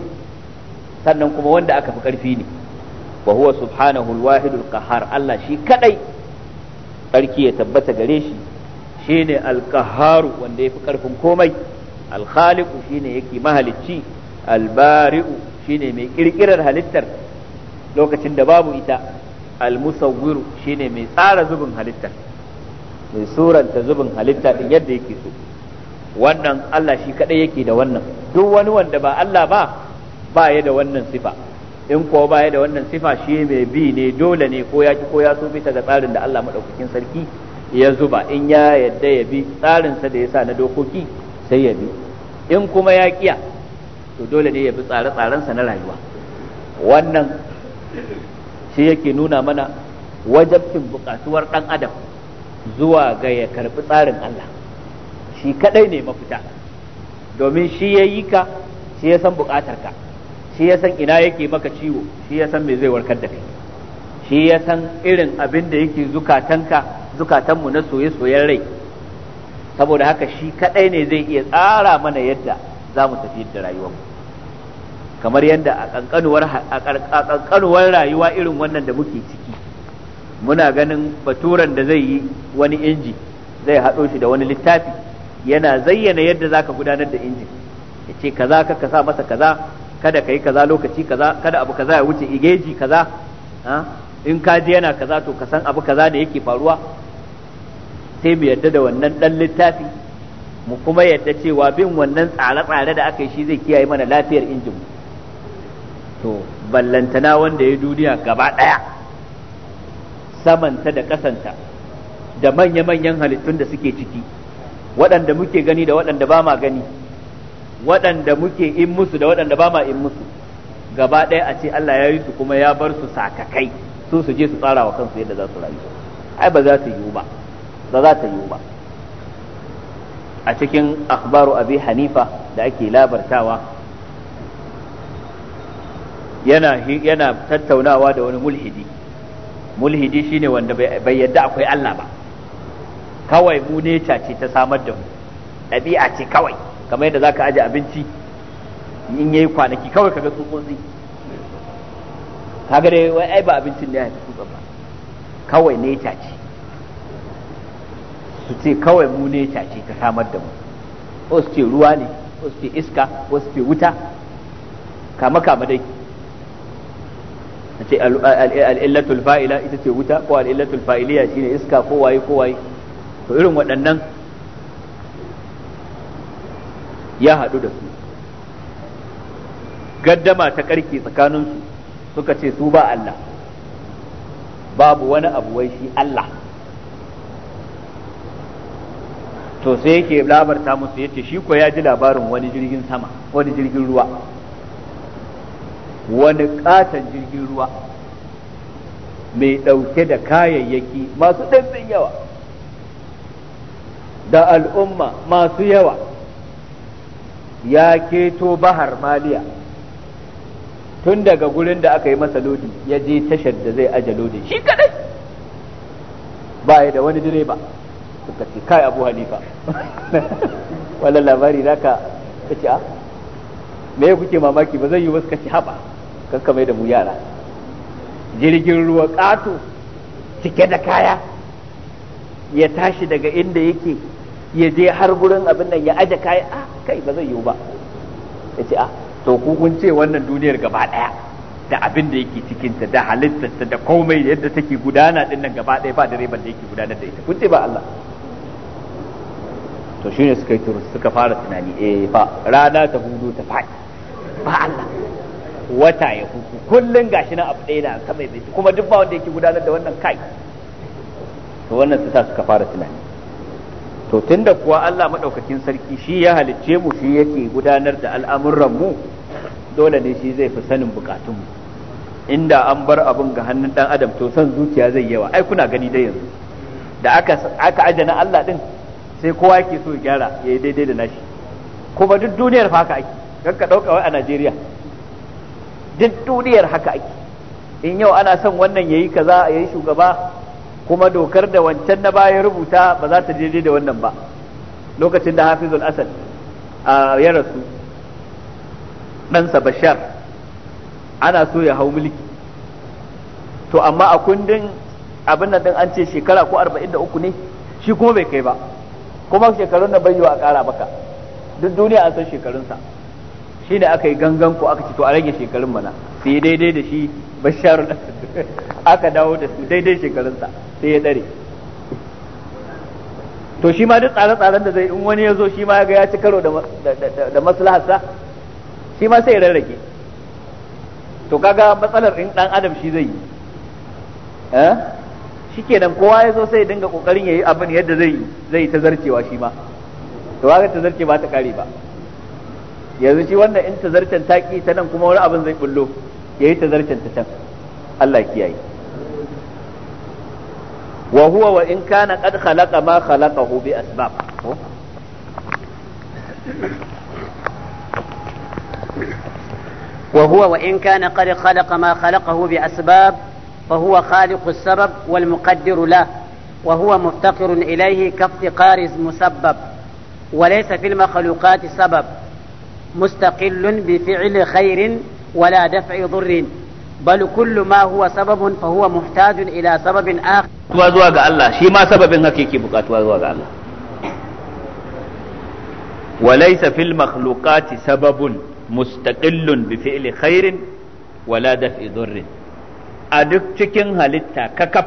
sannan kuma wanda aka fi karfi ne wa huwa subhanahu al-wahid Allah shi kadai tsarki ya tabbata gare shi shine alƙaharu wanda ya fi ƙarfin komai shi shine yake mahalicci albari'u shine mai kirkirar halittar lokacin da babu ita almusawwiru shine mai tsara zubin halittar mai suranta zubin halitta din yadda yake so wannan Allah shi kadai yake da wannan duk wani wanda ba Allah ba ba ya da wannan sifa in ko baya da wannan sifa shi mai bi ne dole ne ko ya ki ko ya so bisa ga tsarin da Allah madaukakin sarki ya zuba in ya yadda ya bi tsarinsa da ya sa na dokoki sai ya bi in kuma ya kiya to dole ne ya bi tsare-tsarensa na rayuwa wannan shi yake nuna mana wajabcin bukatuwar dan adam zuwa ga ya karbi tsarin Allah shi kaɗai ne mafita domin shi ya ka shi ya san ka. shi ya san ina yake maka ciwo shi ya san me zai warkar da kai shi ya san irin abin da yake zukatanka zukatanmu na soye-soyen rai saboda haka shi kadai ne zai iya tsara mana yadda za mu tafi da rayuwarmu kamar yadda a kankanuwar rayuwa irin wannan da muke ciki muna ganin baturan da zai yi wani inji zai haɗo shi da wani littafi yana zayyana yadda za ka gudanar da injin yace kaza ka sa masa kaza kada ka yi kaza lokaci kaza kada abu kaza ya wuce igeji kaza in ka je yana kaza to ka san abu kaza da yake faruwa sai mu yadda da wannan dan littafi mu kuma yadda cewa bin wannan tsare-tsare da aka yi shi zai kiyaye mana lafiyar injin to ballantana wanda ya duniya gaba daya samanta da kasanta da manya-manyan halittun da suke ciki waɗanda muke gani da waɗanda ba ma gani waɗanda muke in musu da waɗanda ba ma in musu gaba ɗaya a ce Allah ya yi su kuma ya bar su sakakai su su je su tsara wa kansu yadda za su rayu ai ba za su yiwu ba ba za ta yiwu ba a cikin akhbaru abi hanifa da ake labartawa yana yana tattaunawa da wani mulhidi mulhidi shine wanda bai yadda akwai Allah ba kawai mu ne ce ta samar da mu ɗabi'a ce kawai kamar yadda zaka aje abinci in yayi kwanaki kawai kaga tsutsotsi kaga dai wai ai ba abincin da ya fi tsutsa ba kawai neca ce su ce kawai mu neca ce ta samar da mu wasu ce ruwa ne wasu ce iska ko su ce wuta kama kama dai ce al'illatul fa'ila ita ce wuta ko al'illatul fa'iliya shine iska ko waye ko waye to irin waɗannan ya haɗu da su gaddama ta tsakanin tsakaninsu suka ce su ba Allah babu wani abu wai shi Allah to sai yake labarta musu yace shi ko ya ji labarin wani jirgin sama wani jirgin ruwa wani katon jirgin ruwa mai ɗauke da kayayyaki masu ɗanɗan yawa da al'umma masu yawa ya keto bahar maliya tun daga gurin da aka yi masa lodi ya je tashar da zai aje lodin shi kadai ba ya da wani direba suka ce kai abu halifa wannan labari za ka kace a ah, me kuke mamaki ba zai yi wasu kaci haɓa kanka mai da mu yara jirgin ruwa kato cike da kaya ya tashi daga inda yake ya je har gurin abin nan ya aje kai ah kai ba zai yiwu ba ya ce ah to ku kun ce wannan duniyar gaba daya da abin da yake cikin ta da halittarta da komai yadda take gudana din nan gaba daya ba direban da yake gudanar da ita kun ce ba Allah to shine suka yi suka fara tunani eh fa rana ta hudu ta fadi ba Allah wata ya huku kullun gashi nan abu ɗaya na sama kuma duk ba wanda yake gudanar da wannan kai to wannan su sa suka fara tunani to tunda kuwa Allah madaukakin sarki shi ya halicce mu shi yake gudanar da al'amuran mu dole ne shi zai fi sanin bukatun mu inda an bar abin ga hannun dan adam to san zuciya zai yawa ai kuna gani dai yanzu da aka aka ajana Allah din sai kowa yake so gyara yayi daidai da nashi kuma duk duniyar fa haka ake kan ka dauka wai a Najeriya duk duniyar haka ake in yau ana son wannan yayi kaza yayi shugaba kuma dokar da wancan na baya rubuta ba za ta daidai da wannan ba lokacin da hafizul asad a ya rasu ɗansa bashar ana so ya hau mulki to amma a kundin abin nan din an ce shekara ko 43 ne shi kuma bai kai ba kuma shekarun da bai yi wa ƙara baka duk duniya an san shekarunsa shi ne aka yi gangan ko aka ci to a rage shekarun mana sai daidai da shi bashar asad aka dawo da su daidai shekarunsa sai ya dare to shi ma duk tsare-tsaren da zai in wani ya zo shi ma ga ya ci karo da maslaharsa shi ma sai ya rarrake to kaga matsalar in dan adam shi zai yi eh shikenan kowa ya zo sai ya dinga kokarin yayi abin yadda zai zai ta zarcewa shi ma to kaga ta zarce ba ta kare ba yanzu shi wannan in ta zarcen taki ta nan kuma wani abin zai bullo yayi ta zarcen ta can Allah kiyaye wa huwa wa in kana qad khalaqa ma khalaqahu bi asbab وهو وإن كان قد خلق ما خلقه بأسباب فهو خالق السبب والمقدر له وهو مفتقر إليه كافتقار مسبب وليس في المخلوقات سبب مستقل بفعل خير ولا دفع ضر بل كل ما هو سبب فهو محتاج إلى سبب آخر zuwa ga Allah shi ma sababin haka bukatuwa zuwa ga Allah walaysa fil makhluqati sababun mustaqillun bi fi'li khairin wala daf'i a duk cikin halitta kakaf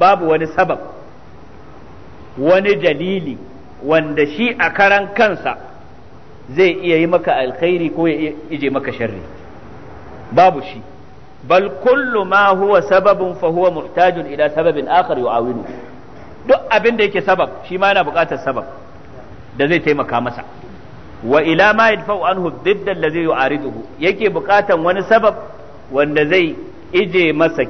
babu wani sabab wani dalili wanda shi a karan kansa zai iya yi maka alkhairi ko ya ije maka sharri babu shi bal kullu ma huwa sababun fa huwa muhtajun ila sababin akhar yu'awinu duk abin da yake sabab shi ma yana buƙatar sabab da zai taimaka masa wa ila ma yadfa'u anhu didda allazi yu'ariduhu yake buƙatar wani sabab wanda zai ije masa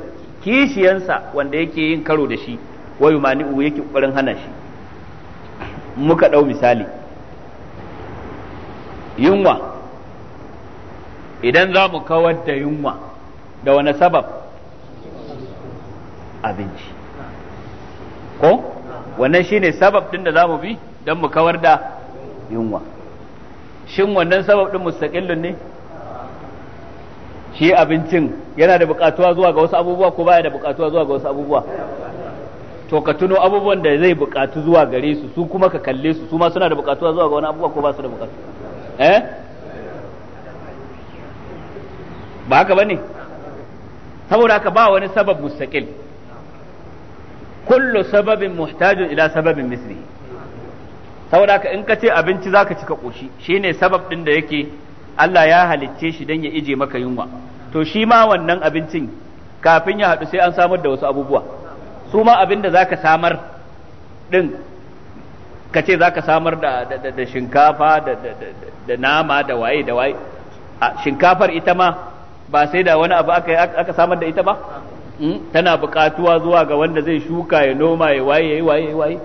kishiyansa wanda yake yin karo da shi wa yumani'u yake kokarin hana shi muka dau misali yunwa idan za mu kawar da yunwa da wani sabab abinci ko wannan shine sabab din da za mu bi don mu kawar da yunwa shin wannan sabab din mustaqillun ne shi abincin yana da bukatuwa zuwa ga wasu abubuwa ko baya da bukatuwa zuwa ga wasu abubuwa to ka tuno abubuwan da zai bukatu zuwa gare su su kuma ka kalle su su ma suna da bukatuwa zuwa ga wani abubuwa ko ba su da bukatu eh ba haka bane saboda haka ba wani sabab mustaqil kullu sababin muhtajun ila sababin misli saboda haka in ka ce abinci zaka cika koshi shine sabab din da yake Allah ya halicce shi dan ya ije maka yunwa to shi ma wannan abincin kafin ya haɗu sai an samar da wasu abubuwa su ma abin da zaka samar din ka ce zaka samar da shinkafa da nama da waye da waye shinkafar ita ma ba sai da wani abu aka samar da ita ba hmm? tana buƙatuwa zuwa ga wanda zai shuka ya noma ya waye ya waye ya waye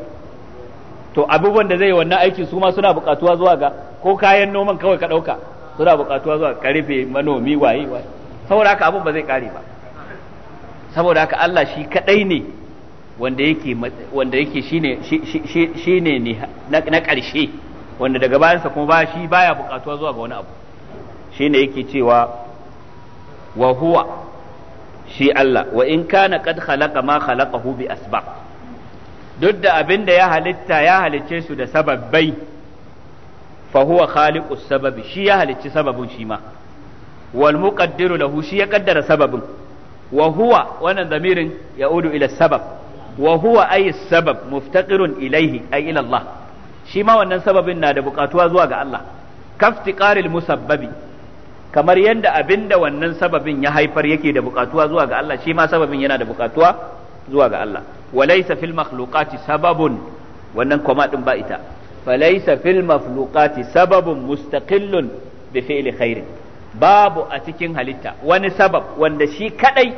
to abubuwan da zai yi wannan aikin su ma suna buƙatuwa zuwa ga ko kayan noman kawai ka ɗauka suna buƙatuwa zuwa karfe manomi waye waye saboda haka abun ba zai ƙare ba saboda haka Allah shi kaɗai ne wanda yake wanda yake shine shine ne na ƙarshe wanda daga bayansa kuma ba shi baya buƙatuwa zuwa ga wani abu shine yake cewa wa huwa shi Allah wa in kana qad khalaqa ma khalaqahu bi asbab duk da abin da ya halitta ya halicce su da sababbai fa huwa khaliqus sababi shi ya halicci sababin shi ma wal muqaddiru lahu shi ya kaddara sababin wa huwa wannan zamirin ya udu ila sabab wa huwa ay sabab muftaqirun ilaihi ay ila Allah shi ma wannan sababin na da buƙatuwa zuwa ga Allah kaftiqaril musabbabi kamar yadda abinda wannan sababin ya haifar yake da bukatuwa zuwa ga Allah shi ma sababin yana da bukatuwa zuwa ga Allah walaysa fil makhluqati sababun wannan koma din ba ita falaisa fil makhluqati sababun mustaqillun bi fi'li khairin babu a cikin halitta wani sabab wanda shi kadai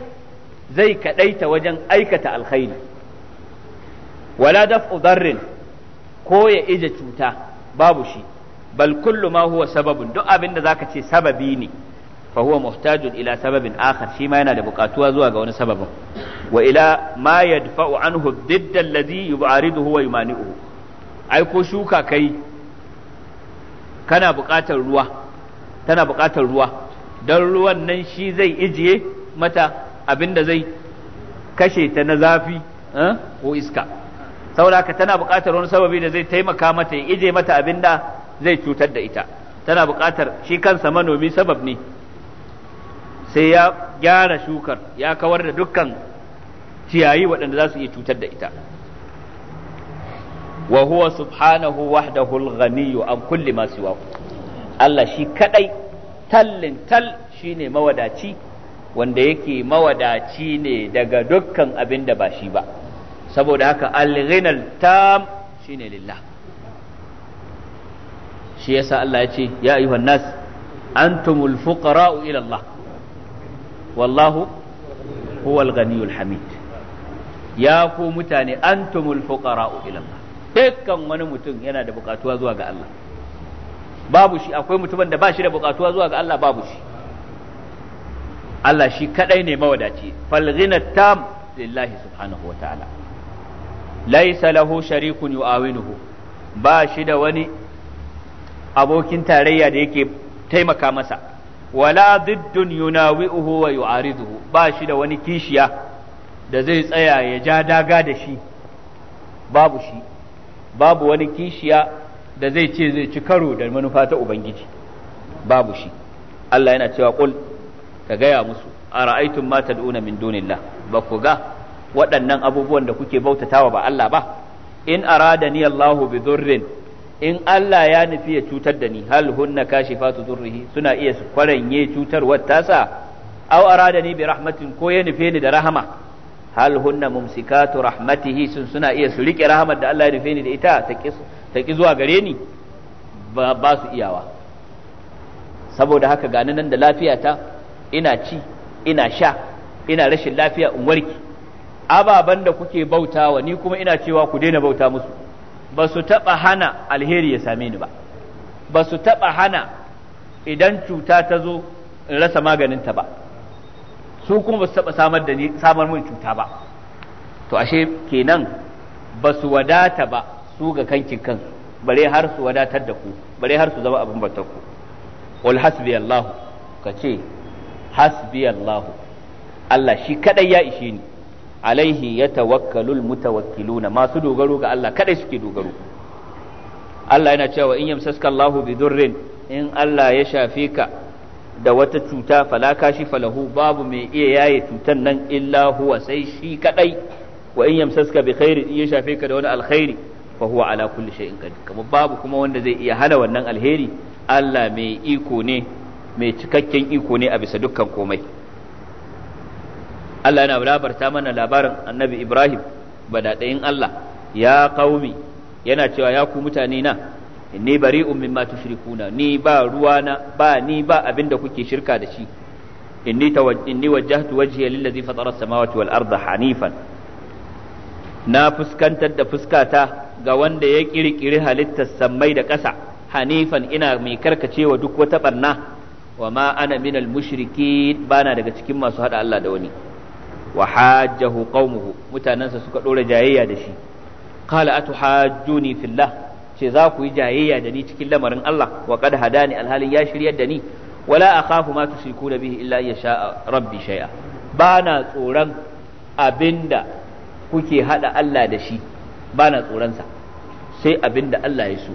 zai kadaita wajen aikata alkhairi wala daf'u darrin ko ya ije cuta babu shi bal kullu ma huwa sababun duk abin da zaka ce sababi ne fa huwa muhtajun ila sababin akhar shi yana da bukatuwa zuwa ga wani sababin wa ila ma yadfa'u anhu didda allazi yub'ariduhu wa yumani'uhu ai ko shuka kai kana buƙatar ruwa tana buƙatar ruwa don ruwan nan shi zai ijiye mata abin da zai kashe ta na zafi eh, ko iska saboda tana buƙatar wani sababi da zai taimaka mata ya ije mata abin da zai cutar da ita tana buƙatar shi kansa manomi sabab ne sai ya gyara shukar ya kawar da dukkan ciyayi waɗanda za su iya cutar da ita wa huwa subhanahu wahdahu al-ghaniyyu an kulli ma siwa Allah shi kadai tallin tal shine mawadaci wanda yake mawadaci ne daga dukkan abin da ba shi ba saboda haka al-ghinal tam shine lillah shi yasa Allah ya ce ya ayyuhan nas antumul fuqara'u ila Allah wallahu huwal ghaniyul hamid ya ku mutane antumul fuqara'u ila Allah dukkan wani mutum yana da bukatuwa zuwa ga Allah babu shi akwai mutumin da ba shi da bukatuwa zuwa ga Allah babu shi Allah shi kadai ne mawadaci falghina tam lillahi subhanahu wataala laysa lahu sharikun yu'awinuhu ba shi da wani abokin tarayya da yake taimaka masa wala diddun yunawi'uhu wa yu'ariduhu ba shi da wani kishiya da zai tsaya ya ja daga da shi babu shi babu wani kishiya da zai ce zai ci karo da manufa ta ubangiji babu shi Allah yana cewa kul ka gaya musu ara'aytum ma tad'una min dunillah ba ku ga waɗannan abubuwan da kuke bautatawa ba Allah ba in aradani Allahu bi dhurrin in Allah ya nufi ya cutar da ni hal hunna kashifatu zurrihi suna iya su kwaranye cutarwar tasa aw arada ni bi rahmatin ko ya nufe ni da rahama hal hunna mumsikatu rahmatihi sun suna iya su rike rahamar da Allah ya nufe ni da ita ta ki zuwa gare ni ba su iyawa saboda haka gani nan da lafiyata ina ci ina sha ina rashin lafiya in warki ababan da kuke bautawa ni kuma ina cewa ku daina bauta musu ba su taɓa hana alheri ya same ni ba ba su taɓa hana idan cuta ta zo in rasa maganinta ba su kuma ba su taɓa samar da ni samar mun cuta ba to ashe kenan ba su wadata ba su ga kankin kansu bare har su wadatar da ku bare har su zama abin bautar ku wal hasbi Allah ka ce hasbi Allah Allah shi kadai ya ishe ni alaihi ya tawakkalul mutawakkiluna masu dogaro ga Allah kadai suke dogaro Allah yana cewa in yamsaska Allahu bi durrin in Allah ya shafe ka da wata cuta fala kashi falahu babu mai iya yaye cutan nan illa huwa sai shi kadai wa in yamsaska bi khairin in ya shafe ka da wani alkhairi fa huwa ala kulli shay'in qadir kuma babu kuma wanda zai iya hana wannan alheri Allah mai iko ne mai cikakken iko ne a bisa dukkan komai Allah yana labarta mana labarin annabi Ibrahim badaɗayin Allah ya qaumi yana cewa ya ku mutane na inni bari'un mimma tushrikuna ni ba ruwana ba ni ba abinda kuke shirka da shi inni inni wajjahtu wajhiya lillazi fatara samawati wal arda hanifan na fuskantar da fuskata ga wanda ya kirkiri halittar sammai da ƙasa hanifan ina mai karkacewa duk wata barna wa ma ana minal mushrikin bana daga cikin masu hada Allah da wani wa hajjahu qaumuhu mutanansa suka ɗora jayayya da shi qala atuhajjuni fillah ce za ku yi jayayya da ni cikin lamarin Allah wa qad hadani alhalin ya shirya da ni wala akhafu ma tushrikuna bihi illa ya sha rabbi shay'a bana tsoron abinda kuke hada Allah da shi bana tsoron sa sai abinda Allah ya so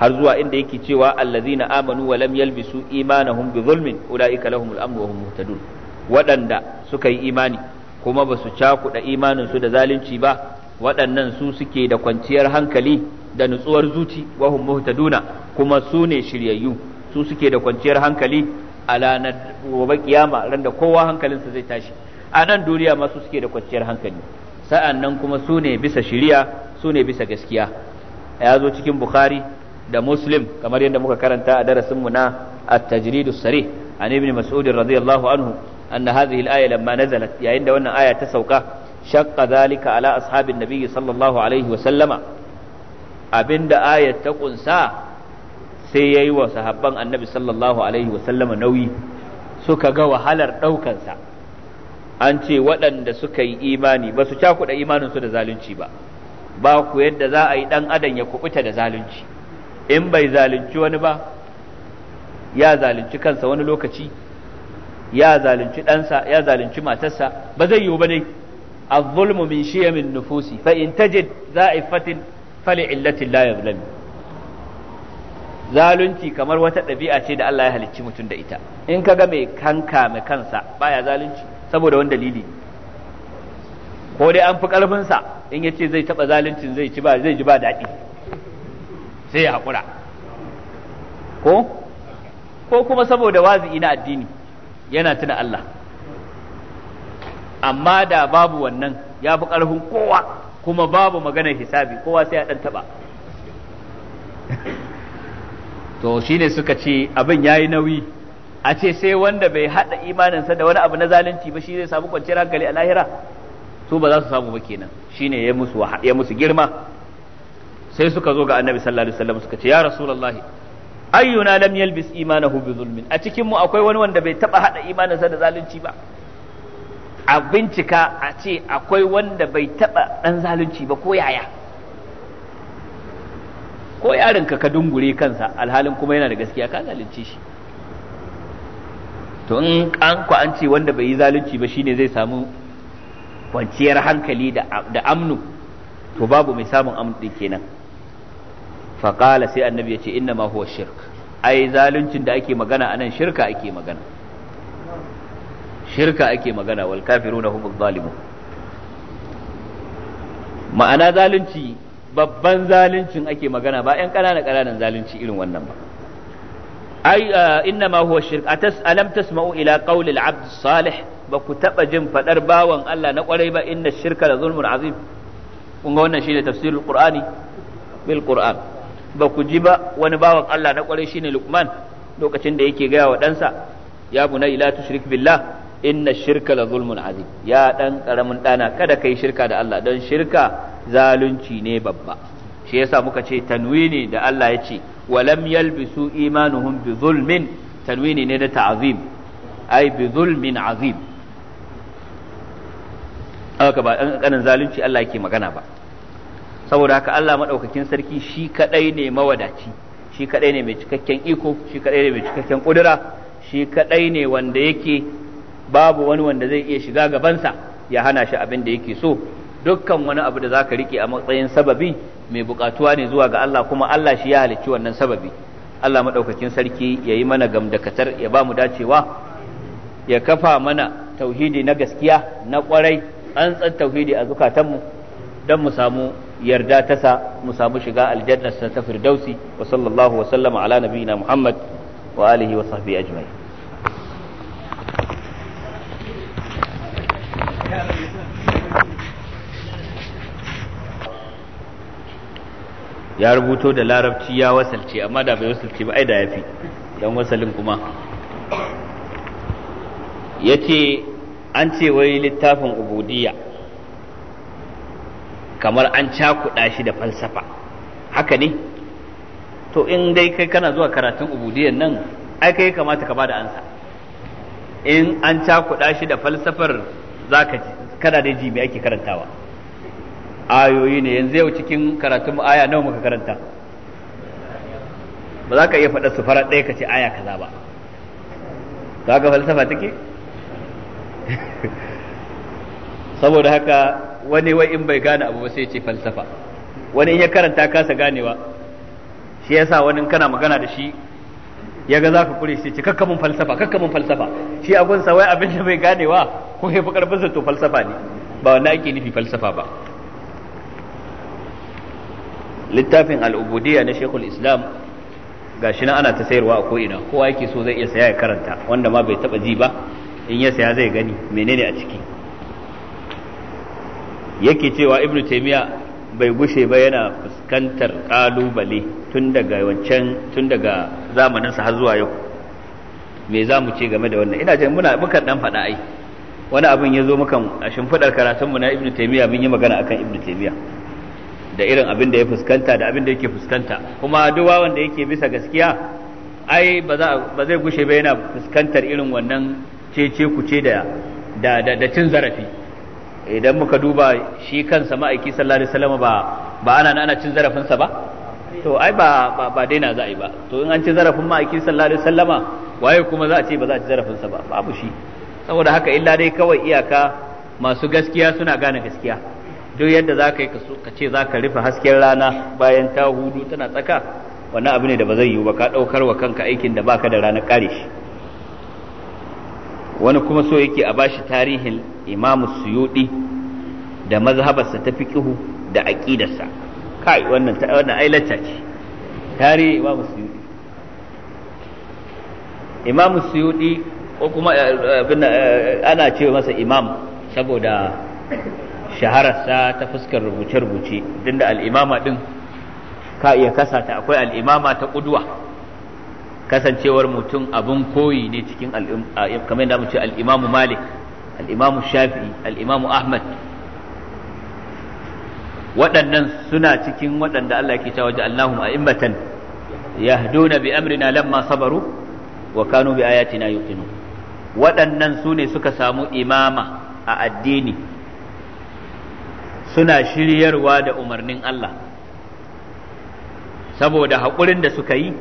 har zuwa inda yake cewa allazina amanu wa lam yalbisu imanahum bi zulmin ulaika lahumul amru wa hum muhtadun waɗanda suka yi imani kuma ba su cakuɗa imaninsu da zalunci ba waɗannan su suke da kwanciyar hankali da nutsuwar zuci wahum muhtaduna kuma su ne shiryayyu su suke da kwanciyar hankali a ranar gobe kiyama ran da kowa hankalinsa zai tashi a nan duniya ma su suke da kwanciyar hankali sa'an nan kuma su ne bisa shiriya su ne bisa gaskiya ya zo cikin bukhari da muslim kamar yadda muka karanta a darasinmu na at-tajridus sarih an ibn mas'ud radiyallahu anhu anna hadhihi al-aya lamma yayin da wannan aya ta sauka shaqqa zalika ala ashabin nabiyyi sallallahu alaihi wa sallama abinda ayat ta ƙunsa sai yayi wa sahabban annabi sallallahu alaihi wa sallama nauyi suka ga wahalar daukan sa an ce waɗanda suka yi imani basu su cakuɗa imanin su da zalunci ba ba ku yadda za a yi ɗan adam ya kubuta da zalunci in bai zalunci wani ba ya zalunci kansa wani lokaci ya zalunci ɗansa ya zalunci matarsa ba zai yiwu ba az-zulmu min shiyamin nufusi fa in tajid za'ifatin fali illatin la yuzlam zalunci kamar wata ɗabi'a ce da Allah ya halicci mutum da ita in ga mai kanka mai kansa baya zalunci saboda wani dalili ko dai an fi karfin sa in yace zai taba zaluncin zai ci ba zai ji ba daɗi sai ya haƙura ko ko kuma saboda wazi na addini yana tuna Allah amma da babu wannan ya fi ƙarfin kowa kuma babu maganar hisabi kowa sai ya ɗan taɓa to shi ne suka ce abin ya yi nauyi a ce sai wanda bai haɗa imaninsa da wani abu na zalunci ba shi zai samu kwanciyar hankali a lahira su ba za su samu ba kenan shi ne ya musu girma sai suka zo ga annabi sallallahu alaihi wasallam suka ce ya rasulullahi ayyuna lam yalbis imanahu bi zulmin a cikin mu akwai wani wanda bai taba hada imaninsa da zalunci ba a bincika a ce akwai wanda bai taba dan zalunci ba ko yaya ko yarinka ka dungure kansa alhalin kuma yana da gaskiya ka zalunci shi to in an ku an ce wanda bai yi zalunci ba shine zai samu kwanciyar hankali da amnu to babu mai samun amnu kenan faƙala sai annabi ya ce inna ma huwa shirk ai zaluncin da ake magana anan shirka ake magana shirka ake magana wal kafiruna hum zalimun ma'ana zalunci babban zaluncin ake magana ba ƴan ƙananan ƙananan zalunci irin wannan ba ai inna ma huwa shirk atas alam tasma'u ila qawli al-abd salih ba ku taɓa jin faɗar bawan Allah na kwarai ba inna shirka la zulmun azim kun ga wannan shine tafsirul qur'ani bil qur'an ba ku ji ba wani bawan Allah na kwarai shine Luqman lokacin da yake gaya wa ɗansa ya buna ila tushrik billah inna shirka la zulmun azim ya dan karamin dana kada kai shirka da Allah dan shirka zalunci ne babba shi yasa muka ce tanwini da Allah ya ce walam yalbisu imanuhum bi zulmin tanwini ne da ta'zim ai bi zulmin azim haka ba dan kanin zalunci Allah yake magana ba saboda haka Allah maɗaukakin sarki shi kadai ne mawadaci shi kadai ne mai cikakken iko shi kadai ne mai cikakken kudura shi kadai ne wanda yake babu wani wanda zai iya shiga gabansa ya hana shi abin da yake so dukkan wani abu da za ka rike a matsayin sababi mai bukatuwa ne zuwa ga Allah kuma Allah shi ya halicci wannan sababi Allah maɗaukakin sarki ya yi mana gamdakatar ya ba mu dacewa ya kafa mana tauhidi na gaskiya na kwarai an tsan tauhidi a zukatanmu don mu samu yarda ta sa mu samu shiga aljannar sa ta firdausi wa sallallahu wa sallama ala nabiyina muhammad wa alihi wa sahbihi ajmai ya rubuto da larabci ya wasalce amma da bai wasalce ba ai da yafi dan wasalin kuma yace an ce wai littafin ubudiyya kamar an cakuɗa shi da falsafa haka ne to in dai kai kana zuwa karatun ubudiyan nan ai kai kamata ka bada ansa in an cakuɗa shi da falsafar zaka kana dai ji me ake karantawa ayoyi ne yanzu yau cikin karatun aya nawa muka karanta ba za ka iya faɗa su farar ɗaya ka ce aya kaza ba ka ga falsafa take saboda haka wani wai in bai gane abu ba sai ce falsafa wani in ya karanta kasa ganewa shi yasa wani in kana magana da shi ya ga zaka kure shi ce kakkamin falsafa kakkamin falsafa shi a gunsa wai abin da bai ganewa ko ya fi karfin to falsafa ne ba wanda ake nufi falsafa ba littafin al'ubudiyya na shekul islam gashi na ana ta sayarwa a ko'ina kowa yake so zai iya saya ya karanta wanda ma bai taba ji ba in ya saya zai gani menene a ciki yake cewa ibn taymiya bai gushe ba yana fuskantar kalubale tun daga wancan tun daga zamaninsa har zuwa yau me za mu ce game da wannan ina jin muna muka dan faɗa ai wani abin ya zo mukan a shimfiɗar mu na ibn taymiya mun yi magana akan ibn taymiya da irin abin da ya fuskanta da abin da yake fuskanta kuma duk wanda yake bisa gaskiya ai ba zai gushe ba yana fuskantar irin wannan cece kuce da da da cin zarafi idan muka duba shi kansa ma'aiki sallallahu alaihi ba ba ana ana cin zarafin sa ba to ai ba ba daina za a yi ba to in an ci zarafin ma'aiki sallallahu alaihi waye kuma za a ce ba za a ci zarafin sa ba babu shi saboda haka illa dai kawai iyaka masu gaskiya suna gane gaskiya duk yadda za ka yi ka ce za ka rufe hasken rana bayan ta hudu tana tsaka wannan abu ne da ba zai yiwu ba ka ɗaukar wa kanka aikin da baka da ranar kare shi wani kuma so yake a bashi tarihin imamu suyuɗi da mazhabarsa ta fiqihu da aƙidarsa kai wannan wannan ai lacca ce tare imamu suyuɗi imamu suyuɗi ko kuma eh, eh, ana ce masa imam saboda shahararsa ta fuskar rubuce-rubuce din da al'imama din ka iya kasata akwai al'imama ta ƙudwa kasancewar mutum abin koyi ne cikin kamar da muke al'imamu malik al'imamu shafi'i al'imamu ahmad waɗannan suna cikin waɗanda Allah ke cewa ja'alnahum a'immatan yahduna bi amrina lamma sabaru wa kanu bi ayatina yuqinu waɗannan su ne suka samu imama a addini suna shiryarwa da umarnin Allah saboda haƙurin da suka yi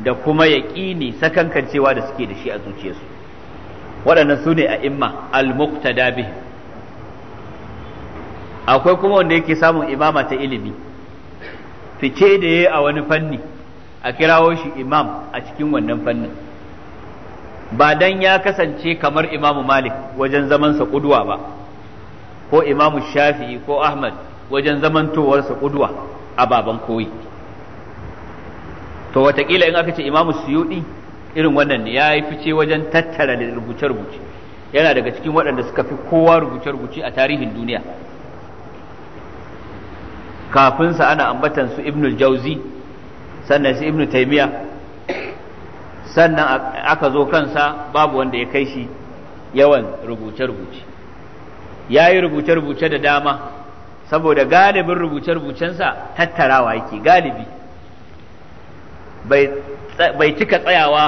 da kuma yaƙini sakankancewa da suke da shi a zuciyarsu waɗannan su ne a imma al-muqtada bih akwai kuma wanda yake samun imama ta ilimi fice da yi a wani fanni a kirawo shi imam a cikin wannan fannin ba dan ya kasance kamar imamu malik wajen zamansa kudwa ba ko imamu Shafi ko ahmad wajen zamantowarsa kudwa a baban koyi to watakila in aka ce imamu suyuɗi irin wannan ne ya yi fice wajen tattara da rubuce-rubuce yana daga cikin waɗanda suka fi kowa rubuce-rubuce a tarihin duniya kafinsa ana ambatan su ibn jauzi sannan su ibn taimiya sannan aka zo kansa babu wanda ya kai shi yawan rubuce-rubuce ya yi rubuce-rubuce da dama saboda galibin rubuce-rubucensa tattarawa yake galibi bai bai cika tsayawa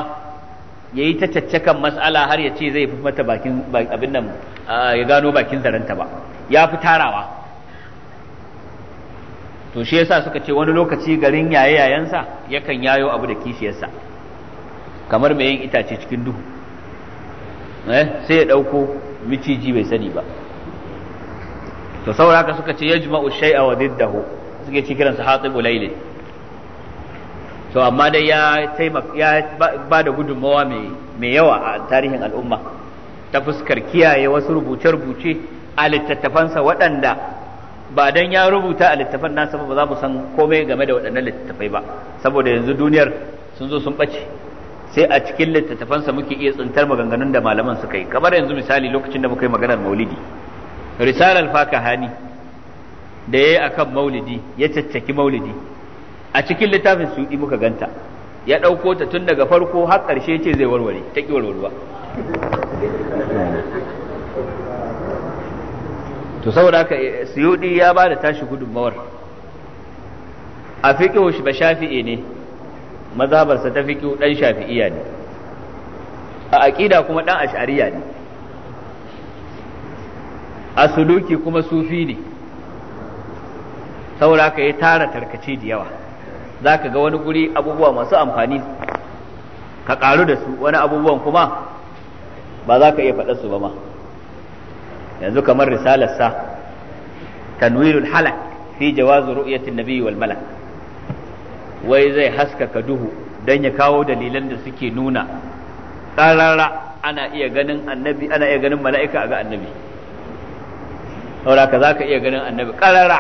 ya yi ta caccakan mas'ala har ya ce zai fi mata bakin abin nan ya gano bakin zaranta ba ya fi tarawa to shi yasa suka ce wani lokaci garin yaye yayansa yakan yayo abu da kishiyarsa kamar mai yin itace cikin duhu eh, sai ya dauko miciji bai sani ba to saboda haka suka ce yajma'u shay'a wa diddahu suke ci kiransa hatibu to amma dai ya taimaka ya ba da gudunmawa mai yawa a tarihin al'umma ta fuskar kiyaye wasu rubuce-rubuce a littattafansa waɗanda ba dan ya rubuta a littafan nasa ba za mu san komai game da waɗannan littattafai ba saboda yanzu duniyar sun zo sun ɓace sai a cikin littattafansa muke iya tsintar maganganun da malaman suka yi kamar yanzu misali lokacin da muka yi maganar maulidi risalar fakahani da ya yi akan maulidi ya caccaki maulidi a cikin littafin suɗi muka ganta ya ɗauko ta tun daga farko har ƙarshe ce zai warware ta ƙi warwarwa to saboda haka eh, suyuti ya ba da tashi gudunmawar a fiƙihu shi ba shafi'i ne mazhabarsa ta fiƙihu ɗan shafi'iya ne a aƙida kuma ɗan ash'ariya ne a suluki kuma sufi ne saboda haka ya tara tarkace da yawa za ka ga wani guri abubuwa masu amfani ka ƙaru da su wani abubuwan kuma ba za ka iya faɗa su ba ma yanzu kamar risalarsa tanwirul halak fi jawazu ru'yatin nabiyyi wal malak wai zai haskaka duhu dan ya kawo dalilan da suke nuna ƙarara ana iya ganin annabi ana iya ganin mala'ika a ga annabi saboda ka za ka iya ganin annabi ƙarara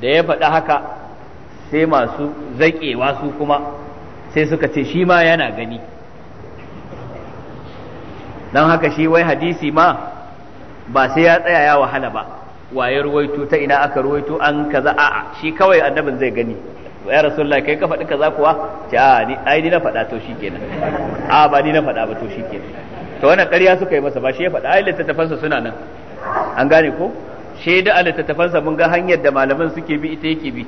da ya faɗa haka sai masu zaƙewa su kuma sai suka ce shi ma yana gani don haka shi wai hadisi ma ba sai ya tsaya ya wahala ba waye ruwaito ta ina aka ruwaito an kaza a'a shi kawai annabin zai gani ya rasulullah kai ka faɗi kaza kuwa ce a ni ai ni na faɗa to shi kenan, a ba ni na faɗa ba to shi kenan, to wannan ƙarya suka yi masa ba shi ya faɗa ai littattafansa suna nan an gane ko shaida a littattafansa mun ga hanyar da malaman suke bi ita yake bi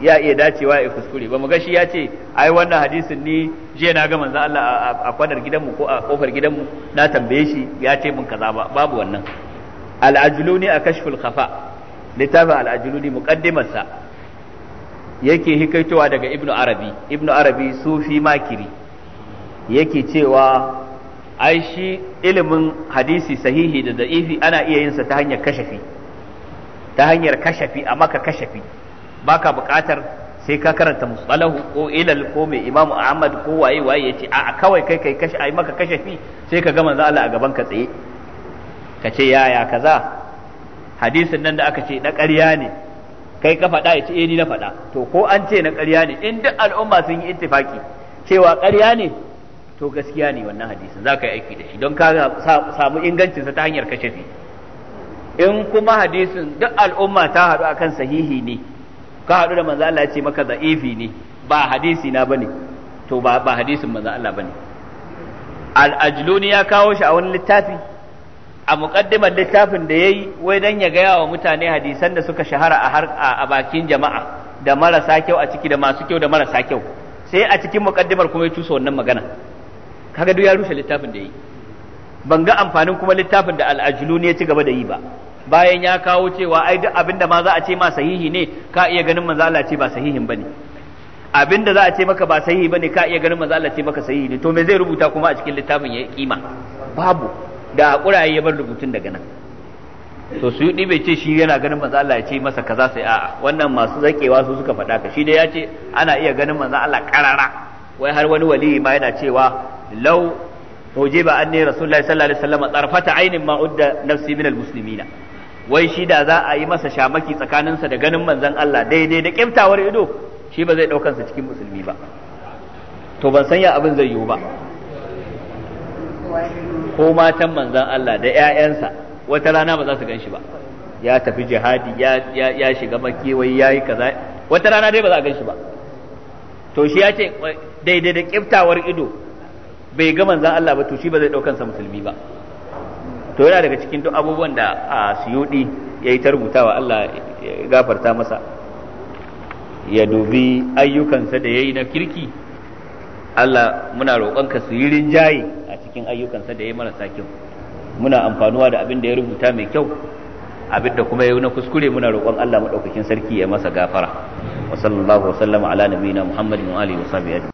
ya iya dacewa ya kuskure ba mu ga shi ya ce ai wannan hadisin ni je na ga manzo Allah a kwadar gidanmu ko a kofar gidanmu na tambaye shi ya ce mun kaza ba babu wannan al-ajluni a kashful khafa littafin al-ajluni muqaddimarsa sa yake hikaitowa daga ibnu arabi ibnu arabi sufi makiri yake cewa ai shi ilimin hadisi sahihi da da'ifi ana iya yinsa ta hanyar kashafi ta hanyar kashafi a maka kashafi baka buƙatar sai ka karanta musalahu ko ilal ko mai imamu ahmad ko waye waye yace a'a kawai kai kai kashi ai maka fi sai ka ga manzo Allah a gaban ka tsaye ka ce ya ya kaza hadisin nan da aka ce na ƙarya ne kai ka faɗa ya ce eh ni na faɗa to ko an ce na ƙarya ne in duk al'umma sun yi ittifaki cewa ƙarya ne to gaskiya ne wannan hadisin za ka yi aiki da shi don ka samu ingancinsa ta hanyar fi in kuma hadisin duk al'umma ta haɗu akan sahihi ne ka haɗu da manzo Allah ya ce maka za'ifi ne ba hadisi na bane to ba ba hadisin manzo Allah bane al-ajluni ya kawo shi a wani littafi a muqaddimar littafin da yayi wai dan ya gaya wa mutane hadisan da suka shahara a har a bakin jama'a da marasa kyau a ciki da masu kyau da marasa kyau sai a cikin muqaddimar kuma ya tusa wannan magana kaga duk ya rushe littafin da yayi ban ga amfanin kuma littafin da al-ajluni ya ci gaba da yi ba bayan ya kawo cewa ai duk abinda ma za a ce ma sahihi ne ka iya ganin manzo Allah ce ba sahihin bane abinda za a ce maka ba sahihi bane ka iya ganin manzo Allah ce maka sahihi ne to me zai rubuta kuma a cikin littafin ya kima babu da kuraye ya bar rubutun daga nan to su yi bai ce shi yana ganin manzo Allah ya ce masa kaza sai a'a wannan masu zakewa su suka faɗa ka shi dai ya ce ana iya ganin manzo Allah karara wai har wani wali ma yana cewa law ujiba anni rasulullahi sallallahu alaihi wasallam tarfata ainin ma udda nafsi min almuslimina wai shi da za a yi masa shamaki tsakaninsa da ganin manzan Allah daidai da kiftawar ido shi ba zai ɗaukansa cikin musulmi ba to ban san ya abin zai yiwu ba ko matan manzan Allah da 'ya'yansa wata rana ba za su gan shi ba ya tafi jihadi ya shiga makewayi ya yi kaza wata rana dai ba za a gan shi ba to shi ya ce daidai da kiftawar ido bai ga manzan Allah ba to shi ba zai ɗaukansa musulmi ba to yana daga cikin duk abubuwan da a siyudi ya yi rubutawa Allah ya gafarta masa ya dubi ayyukansa da ya yi na kirki Allah muna roƙonka su yi rinjaye a cikin ayyukansa da ya yi marasa kyau muna amfanuwa da abin da ya rubuta mai kyau abin da kuma ya yi na kuskure muna roƙon Allah maɗaukakin sarki ya masa gafara wa wa sallama ala nabiyina muhammadin wa wa sahbihi